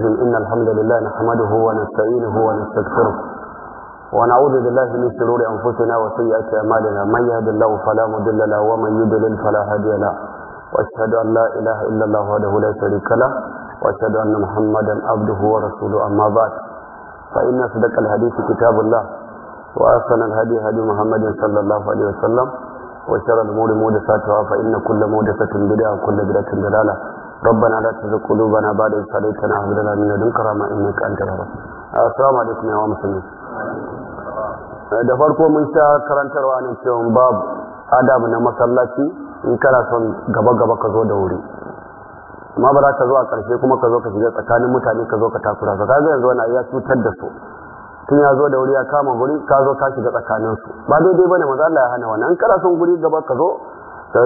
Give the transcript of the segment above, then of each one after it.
إن الحمد لله نحمده ونستعينه ونستغفره ونعوذ بالله من شرور أنفسنا وسيئات أعمالنا من يهد الله فلا مضل له ومن يضلل فلا هادي له وأشهد أن لا إله إلا الله وحده لا شريك له وأشهد أن محمدا عبده ورسوله أما بعد فإن صدق الحديث كتاب الله وأحسن الهدي هدي محمد صلى الله عليه وسلم وشر الأمور مودساتها فإن كل مودسة بدعة وكل بدعة ضلالة ربنا لا تزغ قلوبنا بعد إذ هديتنا وهب لنا من لدنك رحمة إنك أنت الوهاب السلام عليكم يا مسلمين da farko mun sha karantarwa ne cewa babu adabu na masallaci in kana son gaba-gaba ka zo da wuri amma ba za ka zo a ƙarshe kuma ka zo ka shiga tsakanin mutane ka zo ka takura ka ga yanzu wani ya cutar da su tun ya zo da wuri ya kama guri ka zo ka shiga tsakanin su ba daidai bane maza Allah ya hana wannan in kana son guri gaba ka zo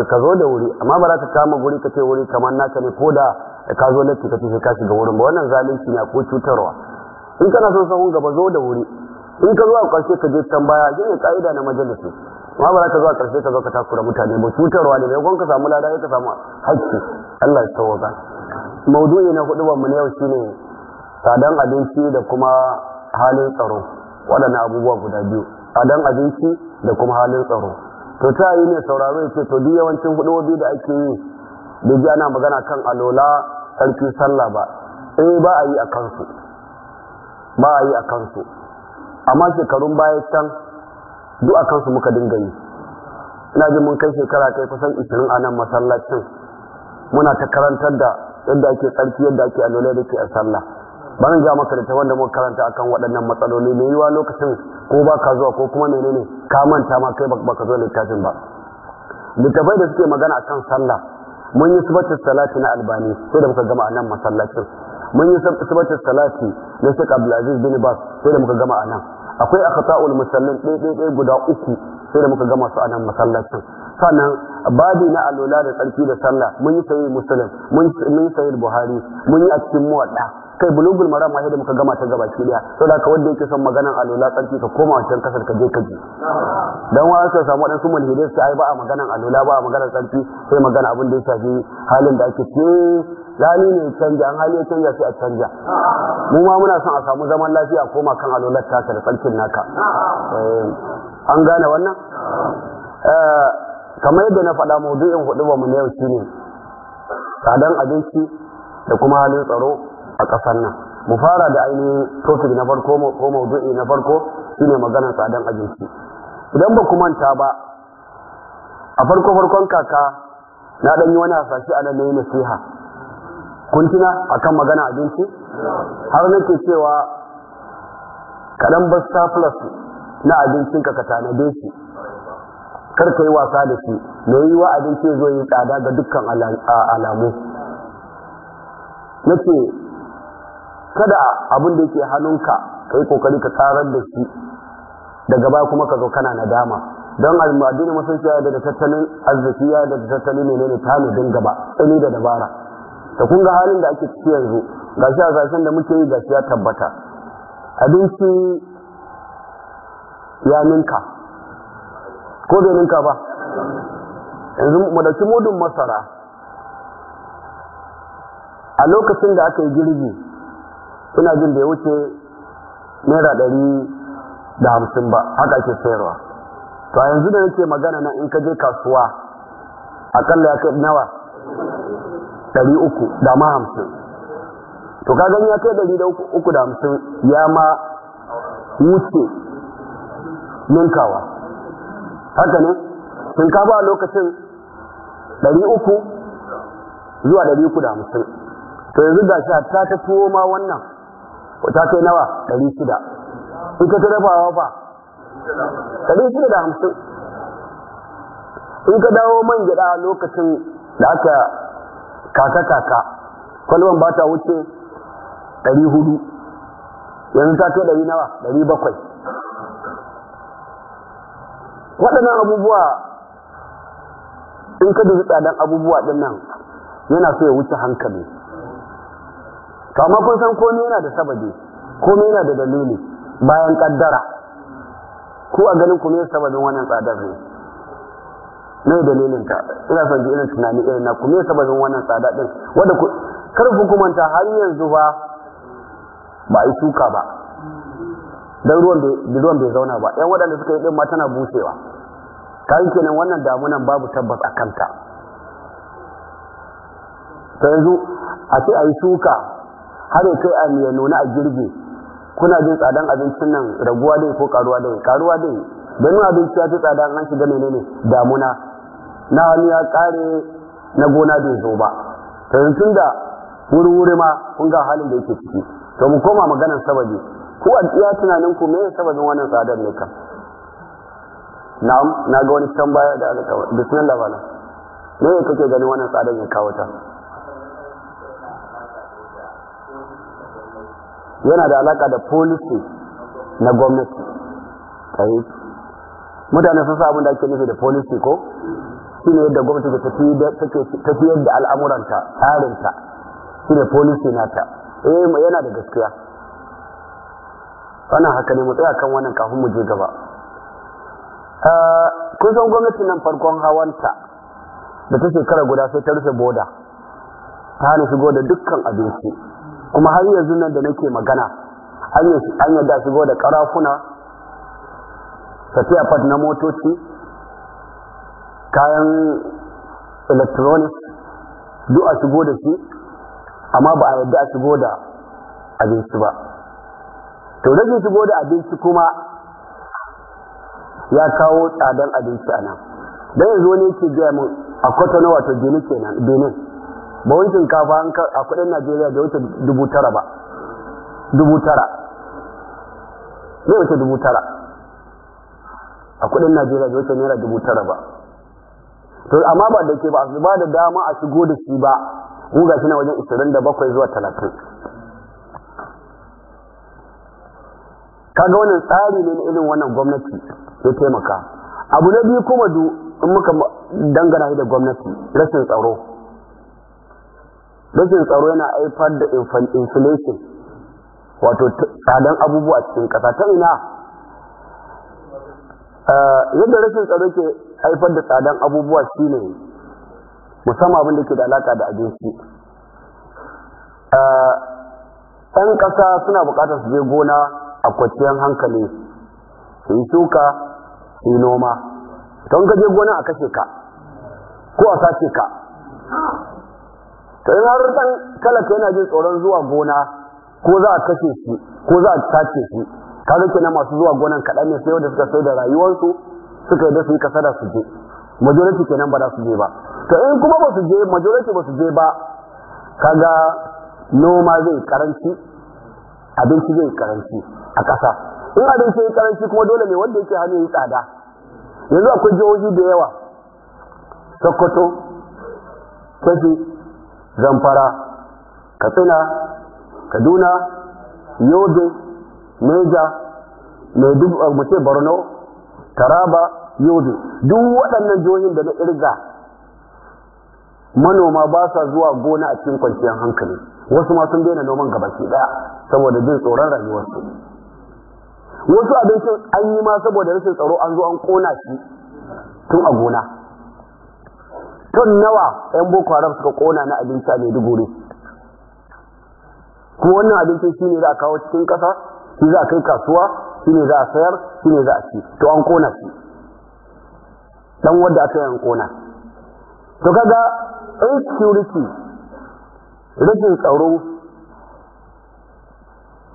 ka zo da wuri amma ba za ka kama guri ka ce wuri kamar naka ne ko da ka zo latti ka ce sai ga wurin ba wannan zalunci ne ko cutarwa in kana son sahun gaba zo da wuri in ka zo a ƙarshe ka je can baya ne ka'ida na majalisu amma ba za ka zo a ƙarshe ka zo ka takura mutane ba cutarwa ne maimakon ka samu lada ka samu hakki Allah ya tawaga maudu'i na hudu mu na yau shine tsadan abinci da kuma halin tsaro waɗannan abubuwa guda biyu tsadan abinci da kuma halin tsaro to ta yi ne sauraro ya ce to duk yawancin hudobi da ake yi da ji ana magana kan alola sarki sallah ba eh ba a yi a kansu ba a yi a kansu amma shekarun baya can duk a kansu muka dinga yi ina ji mun kai shekara kai kusan ishirin a nan masallacin muna ta karantar da yadda ake tsarki yadda ake alola da ke a sallah bari ja maka da wanda mun karanta akan waɗannan matsaloli mai yiwa lokacin ko ba ka zuwa ko kuma menene ka manta ma kai baka zo littafin ba littafai da suke magana akan sallah mun yi sifatis salati na albani sai da muka gama a masallacin mun yi sifatis salati na Sheikh Abdulaziz bin Bas sai da muka gama anan. akwai akhta'ul musallin ɗaya guda uku sai da muka gama su anan nan masallacin sannan babi na alola da tsarki da sallah mun yi sahih muslim mun yi sahih buhari mun yi a cikin muwadda kai bulugul maram ma da muka gama ta gaba ki da to da ka wanda yake son maganan alola tsarki ka koma wancan kasar ka je ka ji dan wa aka samu dan su mulhidai su ai ba a maganan alola ba a maganan tsarki sai magana abin da ya shafi halin da ake ce zali ne canja an hali ya canja sai a canja mu ma muna son a samu zaman lafiya koma kan alolar ka da tsarkin naka eh, an gane wannan eh, kamar yadda na faɗa maudu'in hudu ba mu na yau shine tsadan abinci da kuma halin tsaro a ƙasar nan mu fara da ainihin topic na farko ko maudu'i na farko shine maganar tsadan abinci idan ba ku manta ba a farko farkon kaka na ɗan yi wani hasashe a nan ne nasiha kun tuna kan magana abinci har nake cewa kaɗan ba surplus na abincin ka katana tanade shi kar ka yi wasa da shi mai wa abinci zo yi tsada ga dukkan alamu na ce kada abin da yake hannunka ka yi kokari ka karar da shi daga baya kuma ka zo kana nadama don addinin musulunci ya da tattalin arziki ya da tattalin menene tanadin gaba tsini da dabara ta kun ga halin da ake ciki yanzu shi a zafin da muke yi shi ya tabbata abinci ya ninka ko da ninka ba yanzu mu dauki mudun masara a lokacin da aka yi girbi ina jin da ya wuce naira ɗari da hamsin ba haka ake sayarwa to a yanzu da nake magana nan in ka je kasuwa akalla ya kai nawa ɗari uku da ma hamsin to ka gani ya kai ɗari da uku da hamsin ya ma wuce ninkawa haka ne shinkafa a lokacin ɗari uku zuwa ɗari uku da hamsin to yanzu ga shi ta ta tuwo ma wannan ta kai nawa ɗari shida in ka dafa wa fa ɗari shida da hamsin in ka dawo man gyaɗa lokacin da aka kaka kaka kwalban ba ta wuce ɗari hudu yanzu ta kai ɗari nawa ɗari bakwai waɗannan abubuwa in ka dubi tsadan abubuwa ɗin nan yana so ya wuce hankali to amma kun san komai yana da sababi komai yana da dalili bayan kaddara ko a ganin kuma yasa sababin wannan tsadar ne ne dalilin ta ina son ji irin tunani irin na kuma yasa sababin wannan tsada din wanda kar ku kumanta har yanzu ba ba yi shuka ba dan ruwan da ruwan bai zauna ba yan waɗanda suka yi din ma tana bushewa kayan kenan wannan damunan babu tabbas a kanta ta yanzu a ce a yi shuka har ya kai a ya nuna a girbe kuna jin tsadan abincin nan raguwa dai ko karuwa dai karuwa dai domin abinci ya fi tsadan an shiga menene damuna na wani ya kare na gona bai zo ba tun da wuri wuri ma kun ga halin da yake ciki to mu koma maganar sababi ko a iya tunanin ku me sababin wannan tsadan ne kan na ga wani can baya da aka bismillah bala me kake ganin wannan tsadan ya kawo ta yana da alaka da policy na gwamnati mutane sun samun da ake nufi da policy ko shi ne yadda gwamnati ke tafiyar da al'amuranta tsarinta shi ne policy nata eh yana da gaskiya wannan haka ne mu tsaya kan wannan kafin mu je gaba ah, kun san gwamnati nan farkon hawanta da ta shekara guda sai ta rufe boda ta hana shigo da dukkan abinci kuma har yanzu nan da nake magana an yadda shigo da karafuna tafiya fat na motoci kayan electronic duk a shigo da shi amma ba a yadda a shigo da abinci ba to rage shigo da abinci kuma ya kawo tsadan abinci a nan don yanzu wani yake gaya mun a na wato benin kenan benin ba wai shinkafa a kudin najeriya bai wuce dubu tara ba dubu tara zai wuce dubu tara a kudin najeriya bai wuce naira dubu tara ba to amma ba da ke ba su ba da dama a shigo da shi ba mu ga shi na wajen 27 da bakwai zuwa talatin kaga wannan tsari ne na irin wannan gwamnati ya taimaka abu na biyu kuma du in muka dangana da gwamnati rashin tsaro rashin tsaro yana haifar da inflation wato tsadan abubuwa cikin ƙasa ta ina eh, yadda rashin tsaro ke haifar da tsadan abubuwa shine musamman abin da ke da alaka da abinci ɗan eh, ƙasa suna buƙatar su je gona a kwanciyar hankali su yi shuka su yi noma don ka je gona a kashe ka ko a sace ka to in har dan talaka yana jin tsoron zuwa gona ko za a kashe shi ko za a tace shi kaga kenan masu zuwa gonan kaɗan ne sai wanda suka sai da rayuwarsu suka yi da su yi kasada su je majority kenan ba za su je ba to in kuma ba su je majority ba su je ba kaga noma zai karanci abinci zai karanci a ƙasa in abinci ya karanci kuma dole ne wanda yake hannu ya tsada yanzu akwai jihohi da yawa sokoto kebbi zamfara katsina kaduna yobe meja mace uh, borno taraba yobe duk waɗannan jihohin da na irga manoma ba sa zuwa gona a cikin kwanciyar hankali wasu ma sun daina noman gabaki ɗaya saboda jin tsoron rayuwarsu wasu abincin an yi ma saboda rashin tsaro an zo an kona shi tun a gona ton nawa yan boko haram suka kona na abinci a maiduguri kuma wannan abincin shi ne za a kawo cikin ƙasa shi za a kai kasuwa shi ne za a sayar shi ne za a ci to an kona shi dan wanda aka yi an kona to kaga insecurity rikin tsaro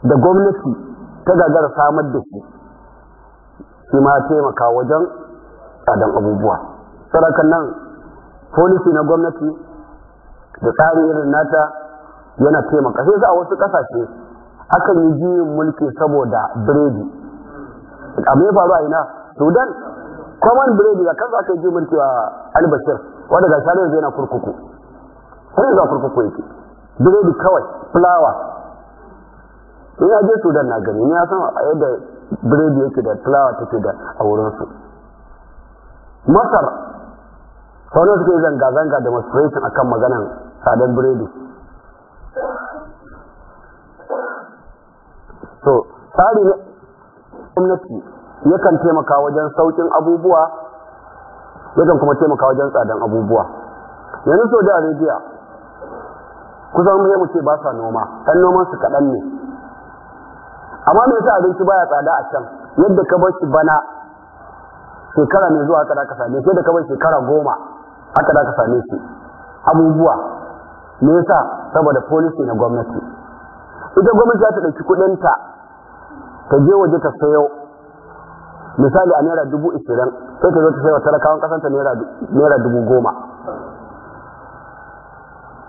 da gwamnati ta gagara samar da shi shi ma taimaka wajen tsadan abubuwa sarakan nan policy na gwamnati da tsarin irin nata yana taimaka sai za a wasu kasashe akan yi juyin mulki saboda biredi A ya faru a ina sudan common biredi da kansa aka yi juyin mulki a albashir wanda ga shari'a yanzu yana kurkuku sai yanzu a kurkuku yake biredi kawai fulawa ina je sudan na gani ya san yadda biredi yake da fulawa take da a wurinsu masar sauran suke zanga-zanga a kan maganan tsadar biredi so tsari na gwamnati yakan taimaka wajen sauƙin abubuwa yakan kuma taimaka wajen tsadan abubuwa yanzu da arabia kusan mai mu ce ba sa noma ɗan noman su kaɗan ne amma me yasa abinci baya tsada a can yadda ka bar shi bana shekara mai zuwa kada ka same shi da ka bar shekara goma haka da ka same su abubuwa me yasa saboda policy na gwamnati ita gwamnati za ta ɗauki kuɗinta ta je waje ta sayo misali a naira dubu ishirin sai ta zo ta sayo talakawan kasanta naira dubu goma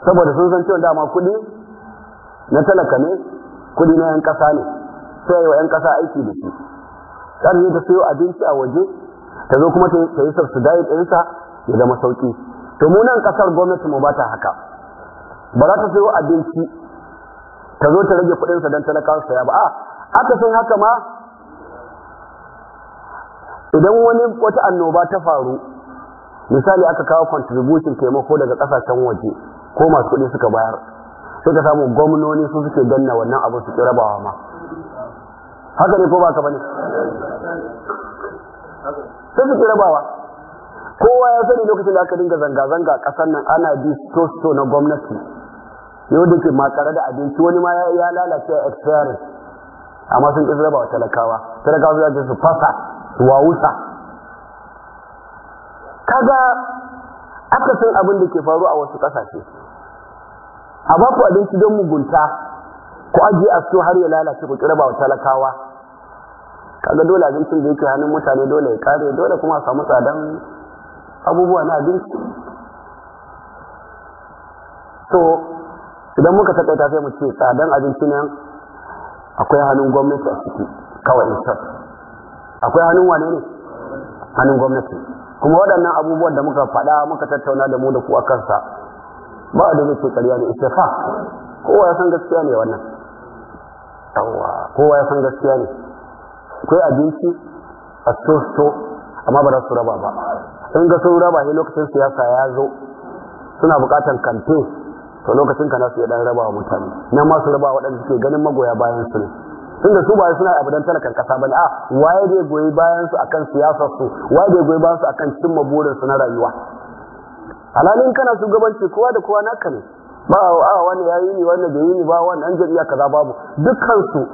saboda sun san cewa dama kuɗi na talaka ne kuɗi na 'yan ƙasa ne sai yi wa 'yan ƙasa aiki da shi ta ta sayo abinci a waje ta zo kuma ta yi subsidize ɗinsa ya zama sauƙi to mu nan kasar gwamnati mu ba ta haka ba za ta sayo abinci ta zo ta rage kuɗinsa don talakawa saya ba a aka sun haka ma idan wani wata annoba ta faru misali aka kawo contribution taimako daga ƙasashen waje ko masu kuɗi suka bayar sai ka samu gwamnoni su suke danna wannan abu su rabawa ma haka ne ko ba ka bane sai suke rabawa kowa ya sani lokacin da aka dinga zanga-zanga ƙasar nan ana bi sosto na gwamnati yau da ke makare da abinci wani ma ya lalace a experience. amma sun ƙi raba wa talakawa talakawa su su fasa su wawusa kaga aka san abin da ke faru a wasu ƙasashe a ba abinci don mugunta ku ajiye a so har ya lalace ku ƙi wa talakawa kaga dole abincin da yake hannun mutane dole ya kare dole kuma a samu tsadan abubuwa na abinci to idan muka takaita sai mu ce tsadan abinci nan akwai hannun gwamnati a ciki kawai in akwai hannun wane ne hannun gwamnati kuma waɗannan abubuwan da muka faɗa muka tattauna da mu da kuwa kansa ba da zai ce ƙarya ne fa kowa ya san gaskiya ne wannan yawa kowa ya san gaskiya ne akwai abinci a so amma ba za su raba ba in ga sun raba lokacin siyasa ya zo suna bukatan kamfe to lokacin ka nasu ya dan raba wa mutane nan ma su raba waɗanda suke ganin magoya bayan su ne da su ba suna abu tana talakan ba bane a waye da goyi bayan su akan siyasar su waye da goyi bayan su akan cimma burin su na rayuwa halalin kana shugabanci kowa da kowa naka ne ba a wani yi ni wani bai yi ni ba wani an jariya kaza babu dukkan su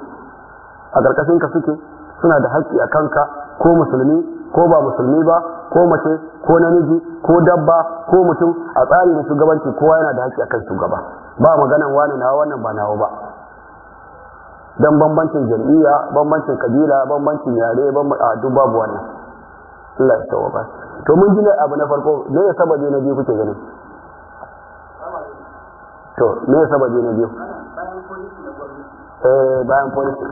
a karkashin ka suke suna da haƙƙi a kanka ko musulmi ko ba musulmi ba ko mace ko namiji ko dabba ko mutum a tsari na shugabanci kowa yana da haƙƙi akan shugaba ba maganan wani na wannan ba nawo ba dan bambancin jam'iyya bambancin kabila bambancin yare a duk babu wannan Allah ya ba to mun ji abu na farko me ya sababi na biyu kuke ganin to me ya sababi na biyu eh bayan policy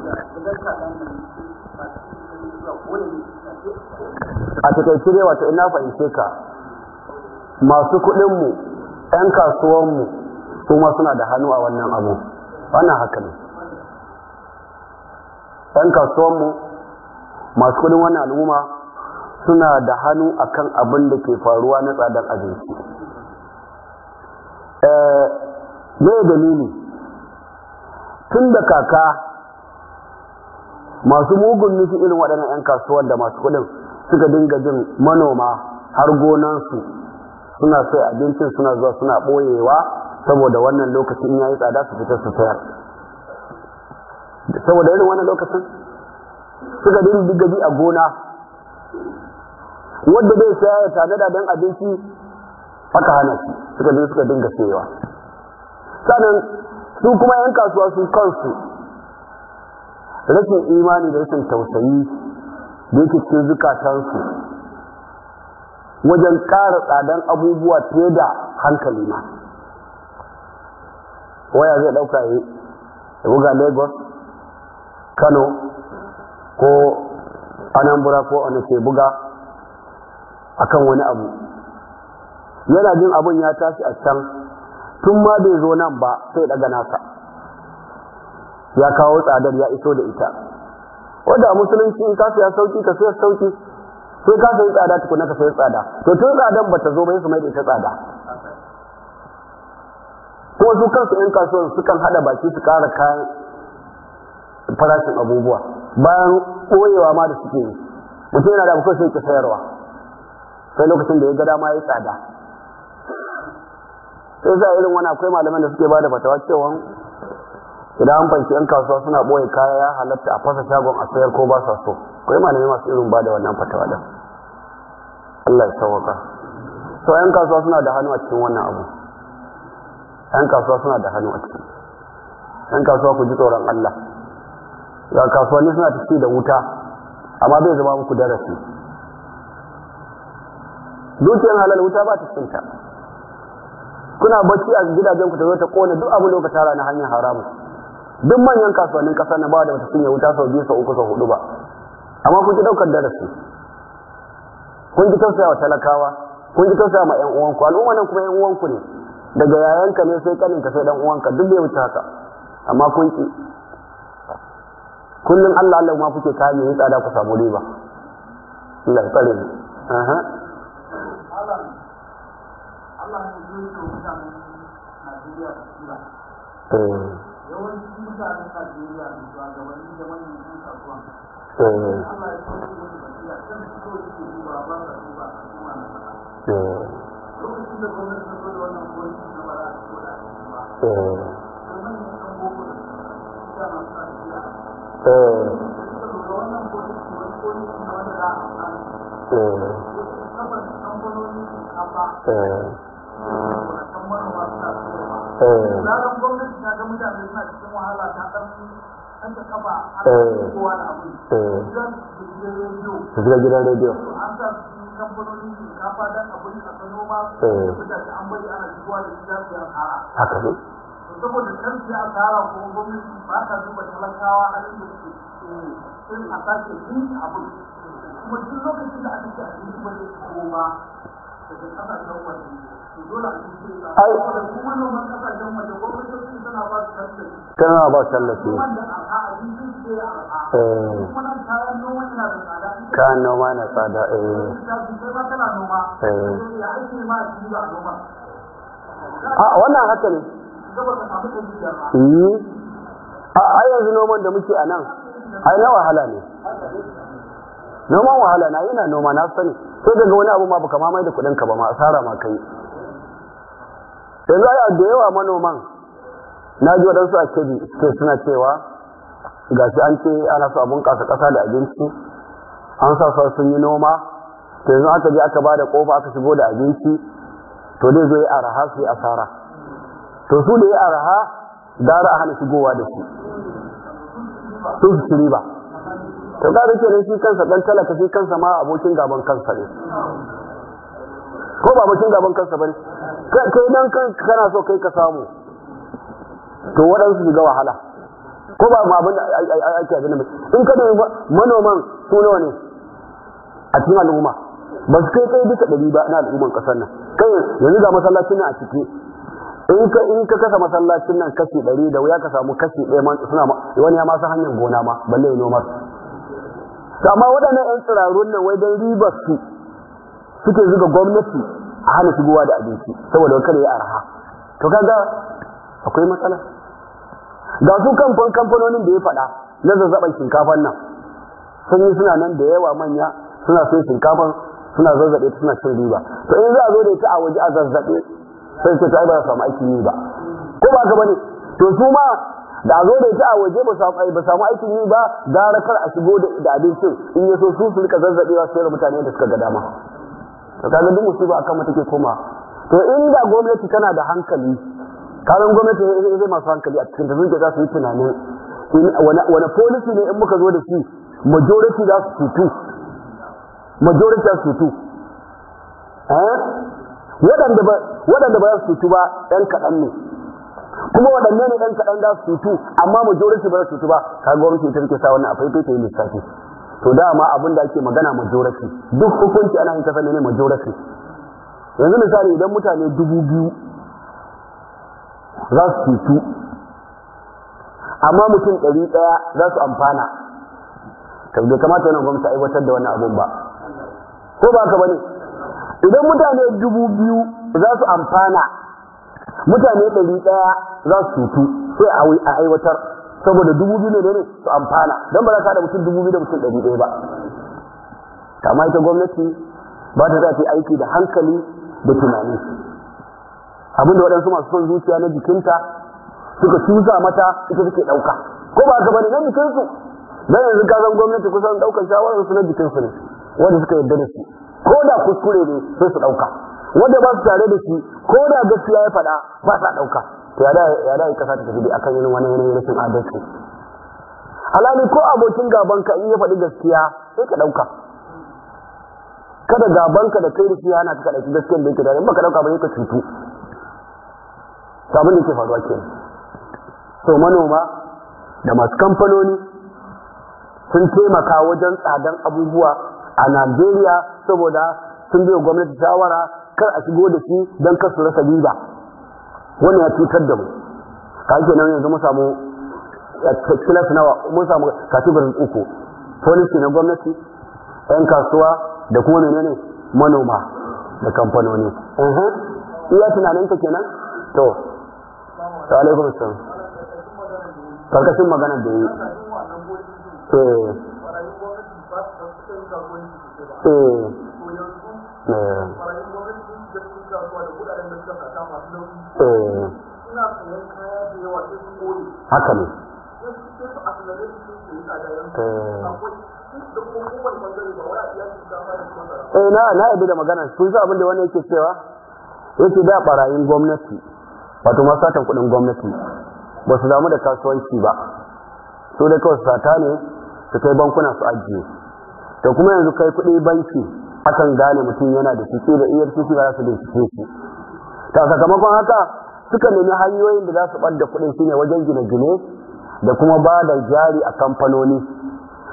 a cikin dai wato ina fahimce ka masu kuɗinmu 'yan kasuwanmu su ma suna da hannu a wannan abu wannan haka ne 'yan kasuwanmu masu kuɗin wannan al'umma suna da hannu a kan abin da ke faruwa na tsadar abinci eh, mai dalili tun da kaka masu mugun nufi irin waɗannan 'yan kasuwar da masu kuɗin suka dinga jin manoma har gonansu suna sai abincin suna zuwa suna ɓoyewa saboda wannan lokacin ya yi tsada su fitar su sayar saboda irin wannan lokacin suka dinga ji a gona wadda bai saya ya tanada don abinci aka hana shi suka dinga sayewa sannan su kuma 'yan kasuwa su kansu rashin imani da rashin tausayi da yake cikin zukatansu wajen ƙara tsadan abubuwa fiye da hankali ma waya zai ɗauka yi buga lagos kano ko anambra ko wani ke buga a kan wani abu yana jin abin ya tashi a can tun ma bai zo nan ba sai daga nasa ya kawo tsadar ya iso da ita wanda musulunci in ka ya sauki ka siya sauki sai ka sayi tsada tukuna ka sayar tsada to tun tsadan ba ta zo ba su mai da ita tsada kuma su kansu yan kasuwar su kan hada baki su kara kayan farashin abubuwa bayan koyewa ma da suke yi mutum yana da abu sai ke sayarwa sai lokacin da ya ga dama ya tsada sai za irin wani akwai malaman da suke ba da fatawa cewa idan an fahimci yan kasuwa suna ɓoye kaya ya halatta a fasa shagon a sayar ko ba sa so yi malami masu irin ba da wannan fatawa da Allah ya sauwaka so yan kasuwa suna da hannu a cikin wannan abu yan kasuwa suna da hannu a cikin yan kasuwa ku ji tsoron Allah ga kasuwanni suna tafi da wuta amma bai zama muku darasi dukiyar halal wuta ba ta cinta kuna bacci a gidajen ku ta zo ta kone duk abu lokacin rana hanyar haramun duk manyan kasuwannin kasa na ba da wata cinye wuta sau biyu sau uku sau hudu ba amma kun ki daukar darasi kun ki tausaya wa talakawa kun ki tausaya ma yan uwanku al'umma nan kuma yan uwanku ne daga yayan ka ne sai ka sai dan uwanka duk bai wuce haka amma kun ki kullum Allah Allah ma kuke kayan yi tsada ku samu riba Allah ya tsare ni aha Allah eh. ya yi ku mutane Najeriya yawanci mutanen eh. eh. eh. a wahala ta an ta kafa an kowa eh. da abu su eh. Zira gidan rediyo an sa ka shinkafa dan abin a sano ma eh. mutane an bari ana shigowa da gida su yan ara haka ne saboda kan su a tsara ko gwamnati ba ta duba talakawa a inda su irin a sake yin abin kuma duk lokacin da aka ce a yi ba zai kowa daga kasashen wajen ai tana ba tallafi eh. ka noma na tsada eh. eh. a wannan haka ne yi a yanzu noman da muke a nan ai na wahala ne noman wahala na yana noma na sani sai daga wani abu ma kama mai da kudinka ba ma asara ma kai yanzu ai da yawa manoman na ji waɗansu a kebi suke suna cewa ga shi an ce ana su abin bunƙasa ƙasa da abinci an sa sa sun yi noma to yanzu aka je aka ba da ƙofa aka shigo da abinci to dai zai araha su yi asara to su da yi araha gara a hana shigowa da su su su riba to ga da kenan shi kansa ɗan talaka shi kansa ma abokin gaban kansa ne ko ba mutum gaban kansa bane kai dan kan kana so kai ka samu to waɗansu su ga wahala ko ba ma abin ake abin da in ka nemi manoman su nawa ne a cikin al'umma ba su kai kai bisa ɗari ba na al'umman ƙasar nan kai yanzu ga masallacin nan a ciki in ka in ka kasa masallacin nan kashi ɗari da wuya ka samu kashi ɗaya ma suna wani ya ma hanyar gona ma balle ya noma su amma waɗannan 'yan tsirarun nan wai don ribar su suke zuga gwamnati a hana shigowa da abinci saboda wakar ya arha to kaga akwai matsala ga su kamfan kamfanonin da ya faɗa na zazzaban shinkafan nan sun yi suna nan da yawa manya suna sai shinkafan suna zazzabe suna cin riba to in za a zo da ita a waje a zazzabe sai ce ta ba samu aikin yi ba ko ba ka bane to su ma da a zo da ita a waje ba samu aikin yi ba gara kar a shigo da abincin in ya so su su rika zazzabewa su da mutane da suka ga dama to kaga duk musiba akan mu take koma to inda gwamnati tana da hankali karan gwamnati ne zai masu hankali a cikin da zuke za su yi tunanin wani policy ne in muka zo da shi majority za su cutu majority za su cutu eh? waɗanda ba za su cutu ba ɗan kaɗan ne kuma waɗanne ne ɗan kaɗan za su cutu amma majority ba za su cutu ba kaga gwamnati ita take sa wannan a faifai ta yi lissafi to dama abin da ake magana majority duk hukunci ana yin kasar ne majority yanzu misali idan mutane dubu biyu za su cutu amma mutum ɗari ɗaya za su amfana kamar bai kamata yana gwamnati aiwatar da wannan abun ba ko ba ka bane idan mutane dubu biyu za su amfana mutane ɗari ɗaya za su cutu sai a aiwatar saboda dubu biyu ne ne su amfana don ba za ka da mutum dubu biyu da mutum ɗari ɗaya ba kama ita gwamnati ba ta za ta yi aiki da hankali da tunani abinda waɗansu masu son zuciya na jikinta suka cuza mata ita suke ɗauka ko ba ka bane na jikinsu na yanzu ka san gwamnati kusan ɗaukar shawarar su na jikinsu ne wanda suka yarda da su ko da kuskure ne sai su ɗauka wanda ba su tare da shi ko da gaskiya ya faɗa ba sa ɗauka to ya da ya kasa ta tafi akan yin wani yanayi rashin adalci alani ko abokin ka in ya faɗi gaskiya sai ka ɗauka kada gabanka da kai da shi yana ka ɗauki gaskiyar da yake da ba ka ɗauka ba yake cutu sabon da ke faruwa ke so manoma da masu kamfanoni sun taimaka wajen tsadan abubuwa a najeriya saboda sun biyo gwamnati shawara kar a shigo da shi don su rasa riba wannan ya cutar da mu ka ake nan yanzu mun samu kilas nawa mun samu uku policy na gwamnati yan kasuwa da kuma ne? manoma da kamfanoni iya tunanin ka kenan to alaikum salam karkashin magana da yi eh eh, eh. Eh. haka ne eh, eh na na yabi da magana kun san abin da wani yake cewa yake da barayin gwamnati wato masu satan kudin gwamnati ba su damu da kasuwanci ba su da kawai sata ne su kai bankuna su ajiye to kuma yanzu kai kudi banki akan gane mutum yana da shi da efcc ba za su bincike shi ta sakamakon haka suka nemi hanyoyin da za su ɓadda kuɗin shine wajen gine-gine da kuma ba da jari a kamfanoni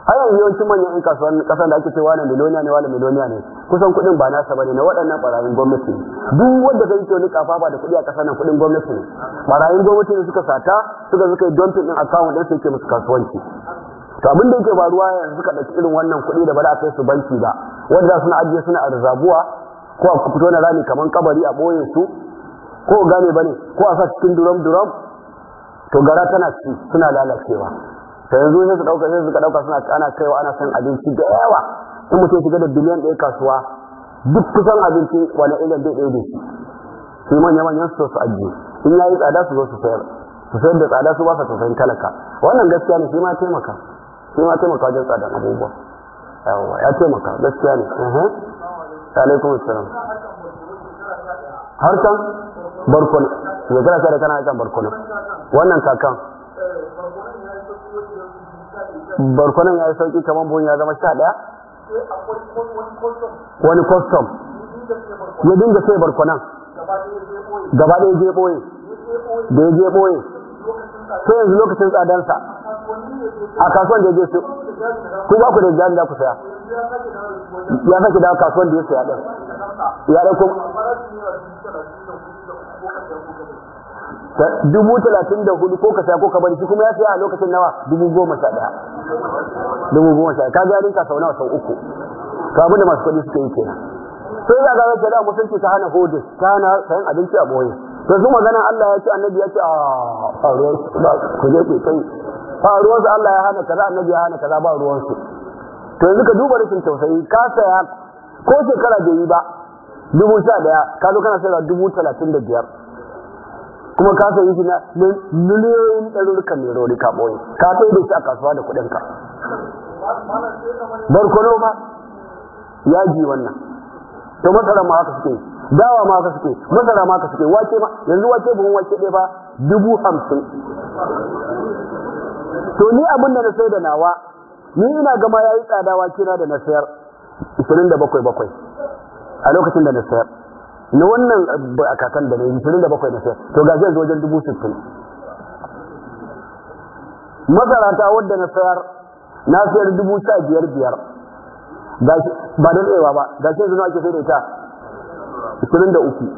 har yanzu yawancin manyan 'yan kasuwan kasan da ake cewa na miloniya ne wani miloniya ne kusan kuɗin ba nasa bane na waɗannan ɓarayin gwamnati duk wanda zai ce kafa ba da kuɗi a ƙasar nan kuɗin gwamnati ne ɓarayin gwamnati ne suka sata suka suka yi dumping ɗin akawun ɗin su yake musu kasuwanci to abin da yake faruwa yanzu suka ɗauki irin wannan kuɗi da ba za a kai su banki ba wanda suna ajiye suna a rizabuwa ko a fito na rami kamar kabari a ɓoye su ko gane bane ko a sa cikin duram duram to gara tana ci suna lalacewa ta yanzu sai su dauka sai su ka dauka suna ana kaiwa ana san abinci da yawa in mutum shiga da biliyan ɗaya kasuwa duk kusan abinci wani ilan da ɗaya da shi su manya manyan su su ajiye in yayi tsada su zo su sayar su sayar da tsada su ba sa tausayin talaka wannan gaskiya ne shi ma taimaka shi ma taimaka wajen tsadan abubuwa yawa ya taimaka gaskiya ne alaikum assalam har kan barkono me kana da kana kan barkuna wannan kakan barkunan ya yi sauki kamar buhun ya zama sha ɗaya wani custom ya dinga sai barkonan gaba ɗaya je ɓoye da ya je ɓoye sai yanzu lokacin tsadarsa a kasuwan da ya je su ku ba ku da jami'a ku saya ya sake dawo kasuwan da ya saya din ya ɗauko dubu talatin da hudu ko ka saya ko ka bari shi kuma ya saya a lokacin nawa dubu goma sha ɗaya dubu goma sha ɗaya ka ga rinka sau nawa sau uku to abin da masu kuɗi suke yi kenan sai za ga zai da musulunci ta hana hodis ta hana sayan abinci a boye yanzu magana Allah ya ce annabi ya ce ah, a faruwar ku je ku kai faruwar su Allah ya hana kaza annabi ya hana kaza ba ruwan su to yanzu ka duba rashin tausayi ka saya ko shekara da yi ba dubu sha daya ka zo kana sayarwa dubu talatin da biyar kuma ka sayi shi na miliyoyin ɗarurrukan ne rori ka ɓoye ka sai da shi a kasuwa da kuɗin ka barkono ma ya ji wannan to matsalar ma haka suke yi dawa ma ka suke masara ma ka suke wake ma yanzu wake buhun wake ɗaya ba dubu hamsin to ni abin da na sai da nawa ni ina gama ya yi tsada wake na da na sayar 27 da bakwai bakwai a lokacin da na sayar na wannan a kakan da na yi ishirin da bakwai na sayar to ga zai zo wajen dubu sittin masara ta wadda na sayar na sayar dubu sha biyar biyar ba da ɗaya ba ga shi yanzu na ake sai da ita 23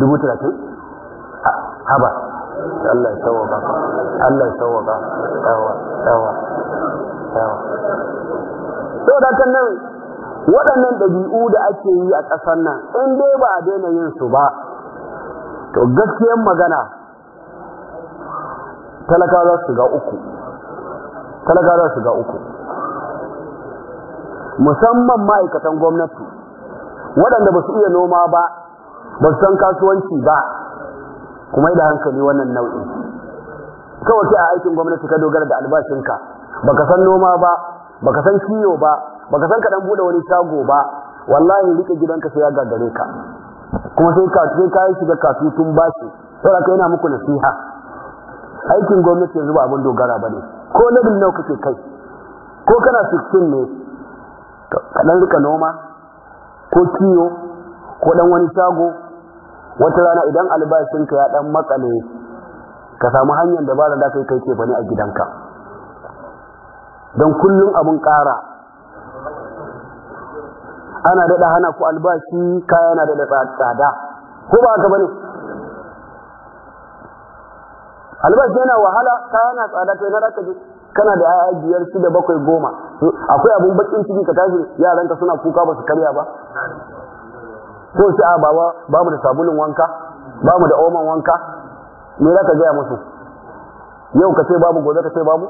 dubu talatin haba Allah ya sauwaka Allah ya sauwaka yawa yawa yawa da kan nan waɗannan ɗabi'u da ake yi a ƙasar nan in dai ba a daina yin su ba to gaskiyar magana talakawa za su ga uku talakawa za su ga uku musamman ma'aikatan gwamnati waɗanda ba su iya noma ba ba su san kasuwanci ba kuma yi da hankali wannan nau'in kawai sai a aikin gwamnati ka dogara da albashinka ba ka san noma ba ba ka san kiyo ba ba ka san kaɗan buɗe wani shago ba wallahi rike gidanka sai ya gagare ka kuma sai ka sai ka shiga katutun shi sai ka yana muku nasiha aikin gwamnati yanzu ba abin dogara ba ne. ko labin nawa kake kai ko kana 16 ne ka rika noma ko kiyo ko ɗan wani shago wata rana idan albashinka ya ɗan matsale ka samu hanyar da ba da kai kai ke bane a gidanka don kullum abin ƙara ana daɗa hana ku albashi kaya na daɗa tsada ko ba haka bane albashi yana wahala kaya na tsada kai na da ka je kana da yaya biyar shida bakwai goma akwai abun bakin ciki ka tashi yaranka suna kuka ba su karya ba ko sai a baba ba mu da sabulun wanka ba mu da oman wanka me za ka gaya musu yau ka ce babu gobe ka ce babu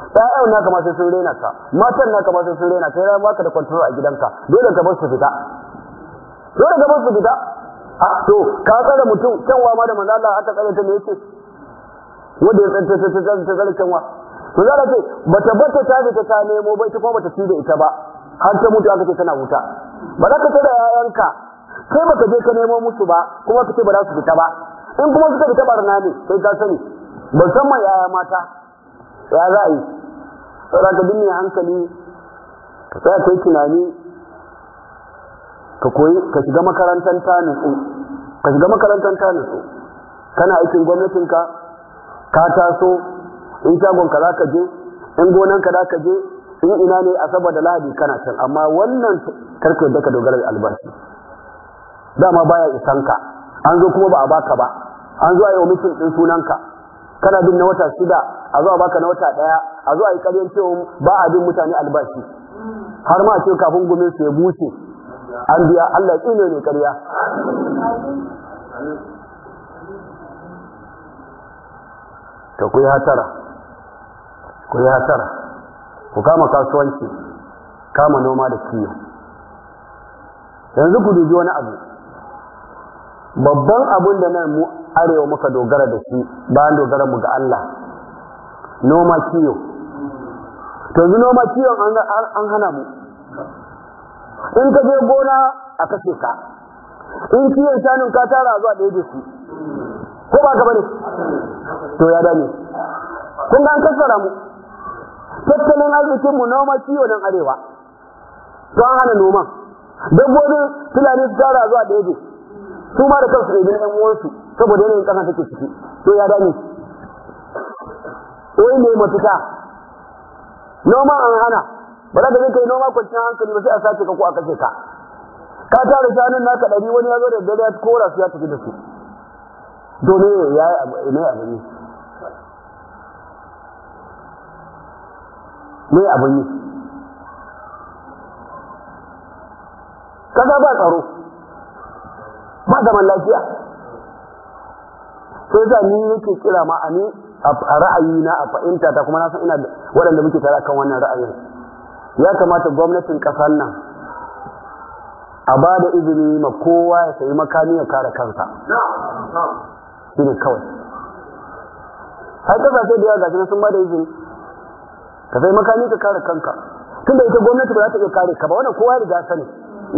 ƴaƴan na kama sai sun rena ka matan na kama sai sun rena ka. ran baka da kwantar a gidanka dole ka bar su fita dole ka bar su fita a ah, to ka tsare mutum canwa ma da manzo a aka tsare ta me yake wanda ya tsanta ta zarkanwa to za ce bata bata ta da ta nemo ba ita kuma bata ci da ita ba har ta mutu aka ce tana wuta ba za ka ce da yayanka kai baka je ka nemo musu ba kuma ka ce ba za su fita ba in kuma suka fita barna ne sai ka sani musamman yaya mata ya za a yi saboda ka dinne hankali sai ka yi tunani ka koyi ka shiga makarantar ta nutsu ka shiga makarantar ta kana aikin gwamnatinka ka taso in shagon ka je in gonan ka je in ina ne a saboda lahadi kana can amma wannan karko da ka dogara da albashi dama baya isanka an zo kuma ba a baka ba an zo a yi mutum din sunanka kana bin na wata shida a zo a baka na wata daya a zo a yi ƙaryan cewa ba a bin mutane albashi har ma ce kafin gumin su ya buce an biya Allah ya ne karya? to ku yi hatara ku yi hatara ku kama kasuwanci kama noma da kiyo yanzu ku dubi wani abu babban abun da nan mu arewa muka dogara da shi bayan dogara mu ga Allah noma kiyo to yanzu noma kiyon an hana mu in ka je gona a kashe ka in kiyon shanun ka tara zuwa ɗaya da su ko ba ka bane? to ya dame kun ga an kasara mu tattalin arzikin mu noma ciwo nan arewa to an hana noman dabbobin fulani su tara zuwa da yaje su ma da kansu da yan uwansu saboda yanayin kasa take ciki to ya dame wai ne mafita noma an hana ba za ka kai noma kwanciyar hankali ba sai a sace ka ko a kashe ka ka tara shanun naka ɗari wani ya zo da dare ya kora su ya tafi da su domin ya yi yi kaga ba tsaro ba zaman lafiya sai za ni yake kira ma a ni a ra'ayi na a fahimta ta kuma na san ina waɗanda muke tare kan wannan ra'ayin ya kamata gwamnatin ƙasar nan a ba da izini ma kowa ya sayi makami ya kare kansa shi ne kawai har kasashe da yawa gashi na sun ba da izini ka sai makami ka kare kanka tun da ita gwamnati ba za ta iya kare ka ba wannan kowa ya riga sani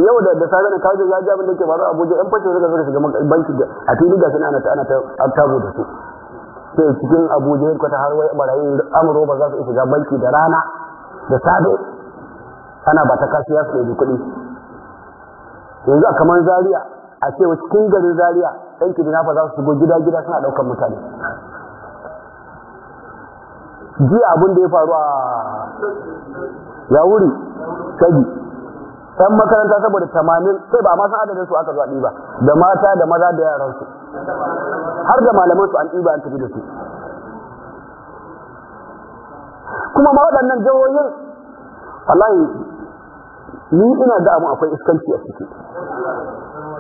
yau da da safe na kaje ya ji abin da ke faru Abuja yan fashe suka suka shiga banki da a fili gashi ne ana ta ana ta da su sai cikin Abuja ya kwata har wai barayi amuro ba za su shiga banki da rana da sabo ana ba ta kasuwa su ne kuɗi yanzu a kamar Zaria a cewa cikin garin Zaria yan fa za su shigo gida gida suna ɗaukar mutane jiya abin da ya faru a yawuri shagi yan makaranta saboda tamanin sai ba ma adadin su aka zaɓi ba da mata da maza da yaran su har da malaman su an ɗiba an tafi da su kuma ma waɗannan jihohin wallahi ni ina da akwai iskanci a ciki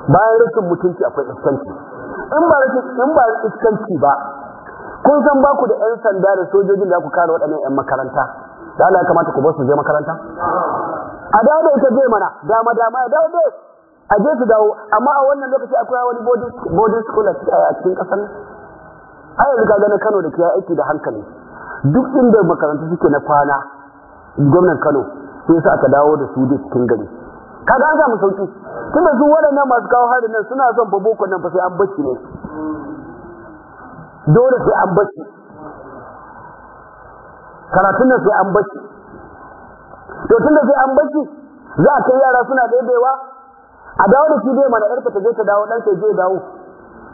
bayan rashin mutunci akwai iskanci in ba rashin in ba iskanci ba kun san ba ku da yan sanda da sojojin da ku kare waɗannan yan makaranta da Allah ya kamata ku bar su je makaranta a dawo da ita zai mana dama dama ya dawo a je su dawo amma a wannan lokaci akwai wani boarding school a cikin ƙasar nan a yanzu ka gane Kano da ke aiki da hankali duk inda makarantu suke na kwana gwamnan Kano sai sa aka dawo da su duk cikin gari kaga an samu sauki tunda su waɗannan masu kawo harin nan suna son fa boko nan fa sai an bacci ne dole sai an bacci karatun nan sai an bacci to tunda sai an bacci za a kai yara suna daidaiwa a dawo da shi dai mana yarka ta je ta dawo ɗan ta je dawo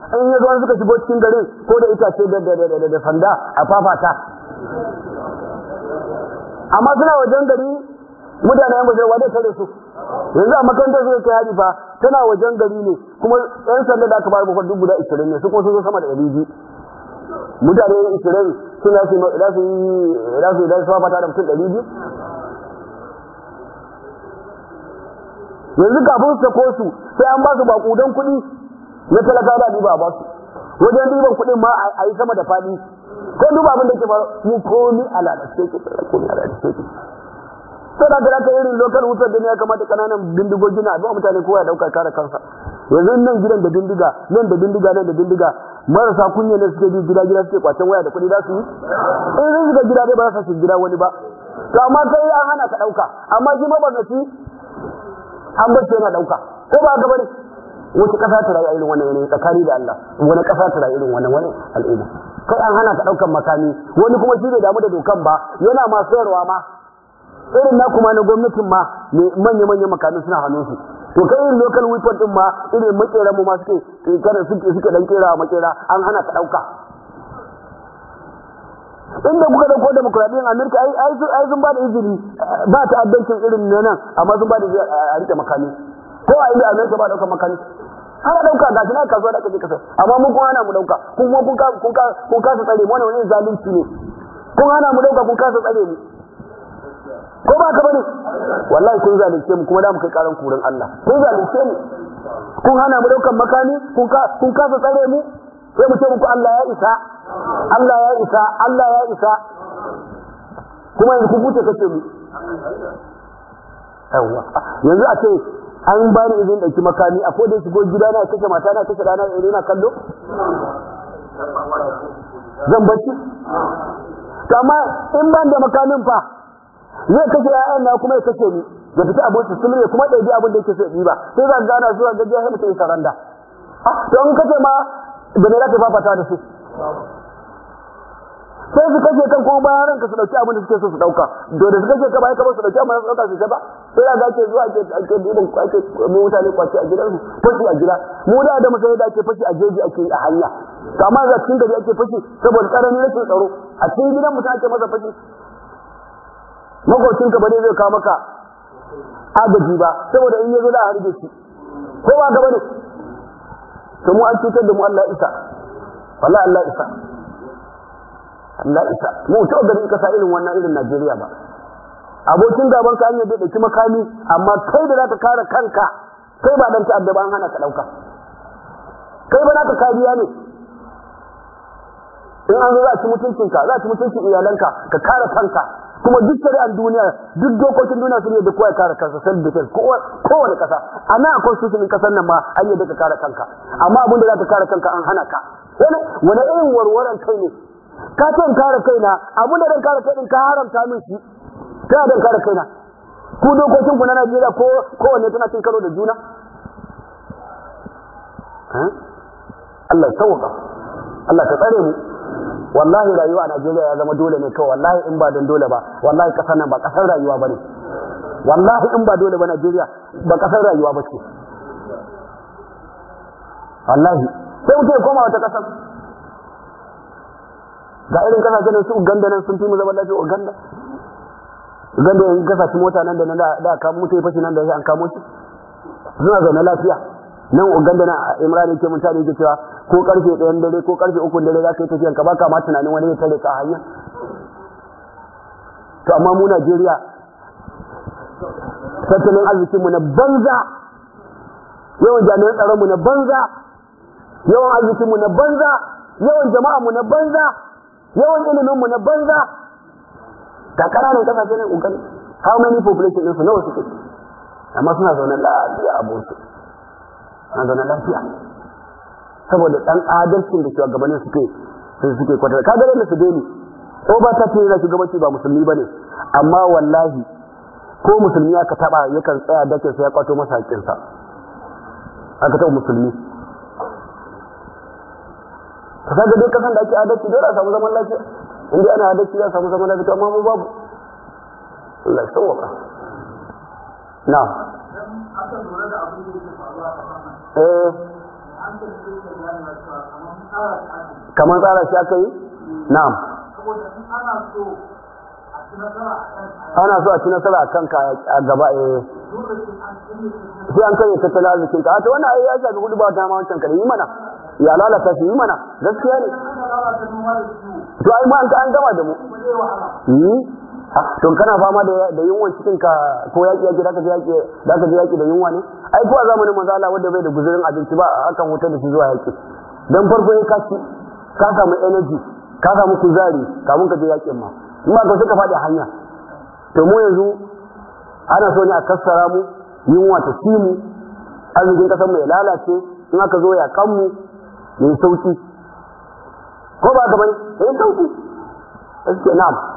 in ya zuwa suka shigo cikin garin ko da itace da da sanda a fafata amma suna wajen gari mutanen bashar wa zai tare su yanzu a makarantar su kai hari fa tana wajen gari ne kuma yan sanda da aka bayar bafar duk guda ishirin ne su kuma sun zo sama da ɗari biyu mutane ishirin suna su za su yi za su yi fata da mutum ɗari biyu yanzu kafin su sako su sai an ba su kuɗi na talaka da riba ba su wajen riban kuɗin ma a yi sama da faɗi ko duba abin da ke faru mu komi a lalace ke komi a lalace ke sai da ka irin lokal wutar da ne ya kamata kananan bindigogi na ba mutane kowa ya dauka kare kansa yanzu nan gidan da bindiga nan da bindiga nan da bindiga marasa kunya ne suke bi gida gida suke kwacen waya da kuɗi za su yi in sun shiga gida dai ba za su gida wani ba to amma kai an hana ka dauka amma shi mabarnaci an bar yana dauka ko ba gaba ne wace kasa ta rayu irin wannan yanayi tsakani da Allah wani kasa ta rayu irin wannan wani al'umma kai an hana ka daukan makami wani kuma shi bai damu da dokan ba yana ma sayarwa ma irin na kuma na gwamnatin ma manya-manya makamin suna hannunsu to kai irin local weapon din ma irin makera mu ma suke kada suke suke dan kera makera an hana ka dauka inda kuka da dauko demokradiyyar amurka ai sun ba da izini ba ta addancin irin na nan amma sun ba da izini a rike makami ko a inda amurka ba daukan makami ana dauka ga shi na kaso da kaje kasar amma mun kuma ana mu dauka kun kun kun kasa tsare mu wani wani zalunci ne kun hana mu dauka kun kasa tsare mu ko ba ka bane wallahi kun zalunce mu kuma da mu kai karan kurin Allah kun zalunce mu kun hana mu daukan makami kun ka kun kasa tsare mu sai mu ce muku Allah ya isa Allah ya isa Allah ya isa kuma yanzu ku buce kace mu yawa yanzu a ce an bani izin dauki makami a kodin shigo gida na kace mata na kace dana ina kallo zan bacci kama in ban da makamin fa zai kashe ƴaƴan na kuma ya kashe ni ya fita sun sulmi kuma ɗaiɗi abin da yake so ya ba sai zan gana zuwa gajiya sai mutum karanda. saranda ah, to in kace ma da me za ka fafata da su sai su kashe kan kuma bayan ranka su dauki abin da suke so su dauka to da su kashe ka bayan kamar su dauki abin da su ɗauka su ba sai da gace zuwa ke ake dinin ake mu mutane kwace a gidan su fashi a gida mu da da sai da ake fashi a jeji ake a hanya Kamar amma za cikin gari ake fashi saboda tsarani rashin tsaro a cikin gidan mutum ake masa fashi makwacinka ba ne zai kawo maka agaji ba saboda in ya zo da a harbe shi ko ba gaba ne to mu an cutar da mu Allah isa wallahi Allah isa Allah isa mu ta garin kasa irin wannan irin Najeriya ba abokin gaban ka an yadda da makami amma kai da zaka kare kanka kai ba dan ta'adda ba an hana ka dauka kai ba zaka kariya ne in an zo za a ci mutuncinka za a ci mutuncin iyalanka ka kare kanka kuma duk shari'ar duniya duk dokokin duniya sun yi da kowa ya kare kansa self defense kowane kasa a nan akwai constitution kasar nan ma an yi ka kare kanka amma abin da za ka kare kanka an hana ka wani irin warwaran kai ne ka ce in kare kaina abin da zan kare kai ka haramta min shi ta zan kare kaina ku dokokin ku na Najeriya ko kowanne tana cin karo da juna eh? Allah ya sauka Allah ka tsare mu wallahi rayuwa a Najeriya ya zama dole ne kawai wallahi in ba don dole ba wallahi kasar nan ba kasar rayuwa bane wallahi in ba dole ba Najeriya ba kasar rayuwa ba ce wallahi sai mutum ya koma wata kasar ga irin kasashen su Uganda nan sun fi mu zaman lafiya Uganda Uganda in kasashen mota nan da nan da ka mutu ya fashi nan da shi an kamo shi suna zaune lafiya nan uganda na imran yake mun tare yake cewa ko karfe ɗayan dare ko karfe ukun dare za ka yi tafiyan ka baka ma tunanin wani ya tare ka hanya to amma mu najeriya tattalin arzikin mu na banza yawan jami'an tsaron mu na banza yawan arzikin mu na banza yawan jama'a mu na banza yawan ilimin mu na banza da ƙananan kasashe ne uganda how many population ɗinsu nawa suke amma suna zaune lafiya abokin na zauna lafiya saboda ɗan adalcin da shugabannin suke sun suke kwatar ka gare su dole ko ba ta ce yana shugabanci ba musulmi ba ne amma wallahi ko musulmi aka taɓa yakan tsaya dakin sai ya kwato masa haƙƙinsa aka taɓa musulmi ka ga dai kasan da ake adalci dole a samu zaman lafiya in ana adalci za a samu zaman lafiya amma mu babu Allah ya sauwaka na'am Eh. kamar tsara shi aka yi na'am ana so a ci nasara a kan ka a gaba eh sai an kare tattalin arzikin ka ta wannan ya shafi hudu ba ma wancan kare yi mana ya lalata shi yi mana gaskiya ne to ai ma an gama da mu don kana fama da yunwan cikin ka ko yaki yaki da je yaki da je yaki da yunwa ne ai kuwa a zamanin manzo Allah wanda bai da guzurin abinci ba akan wutar da shi zuwa yaki dan farko ya kashi ka samu energy ka samu kuzari kamun ka je yakin ma in ba ka suka faɗi hanya to mu yanzu ana so ne a kassara mu yunwa ta ci mu arzikin kasar mu ya lalace in aka zo ya kan mu sauki ko ba ka bane ya sauki gaskiya na'am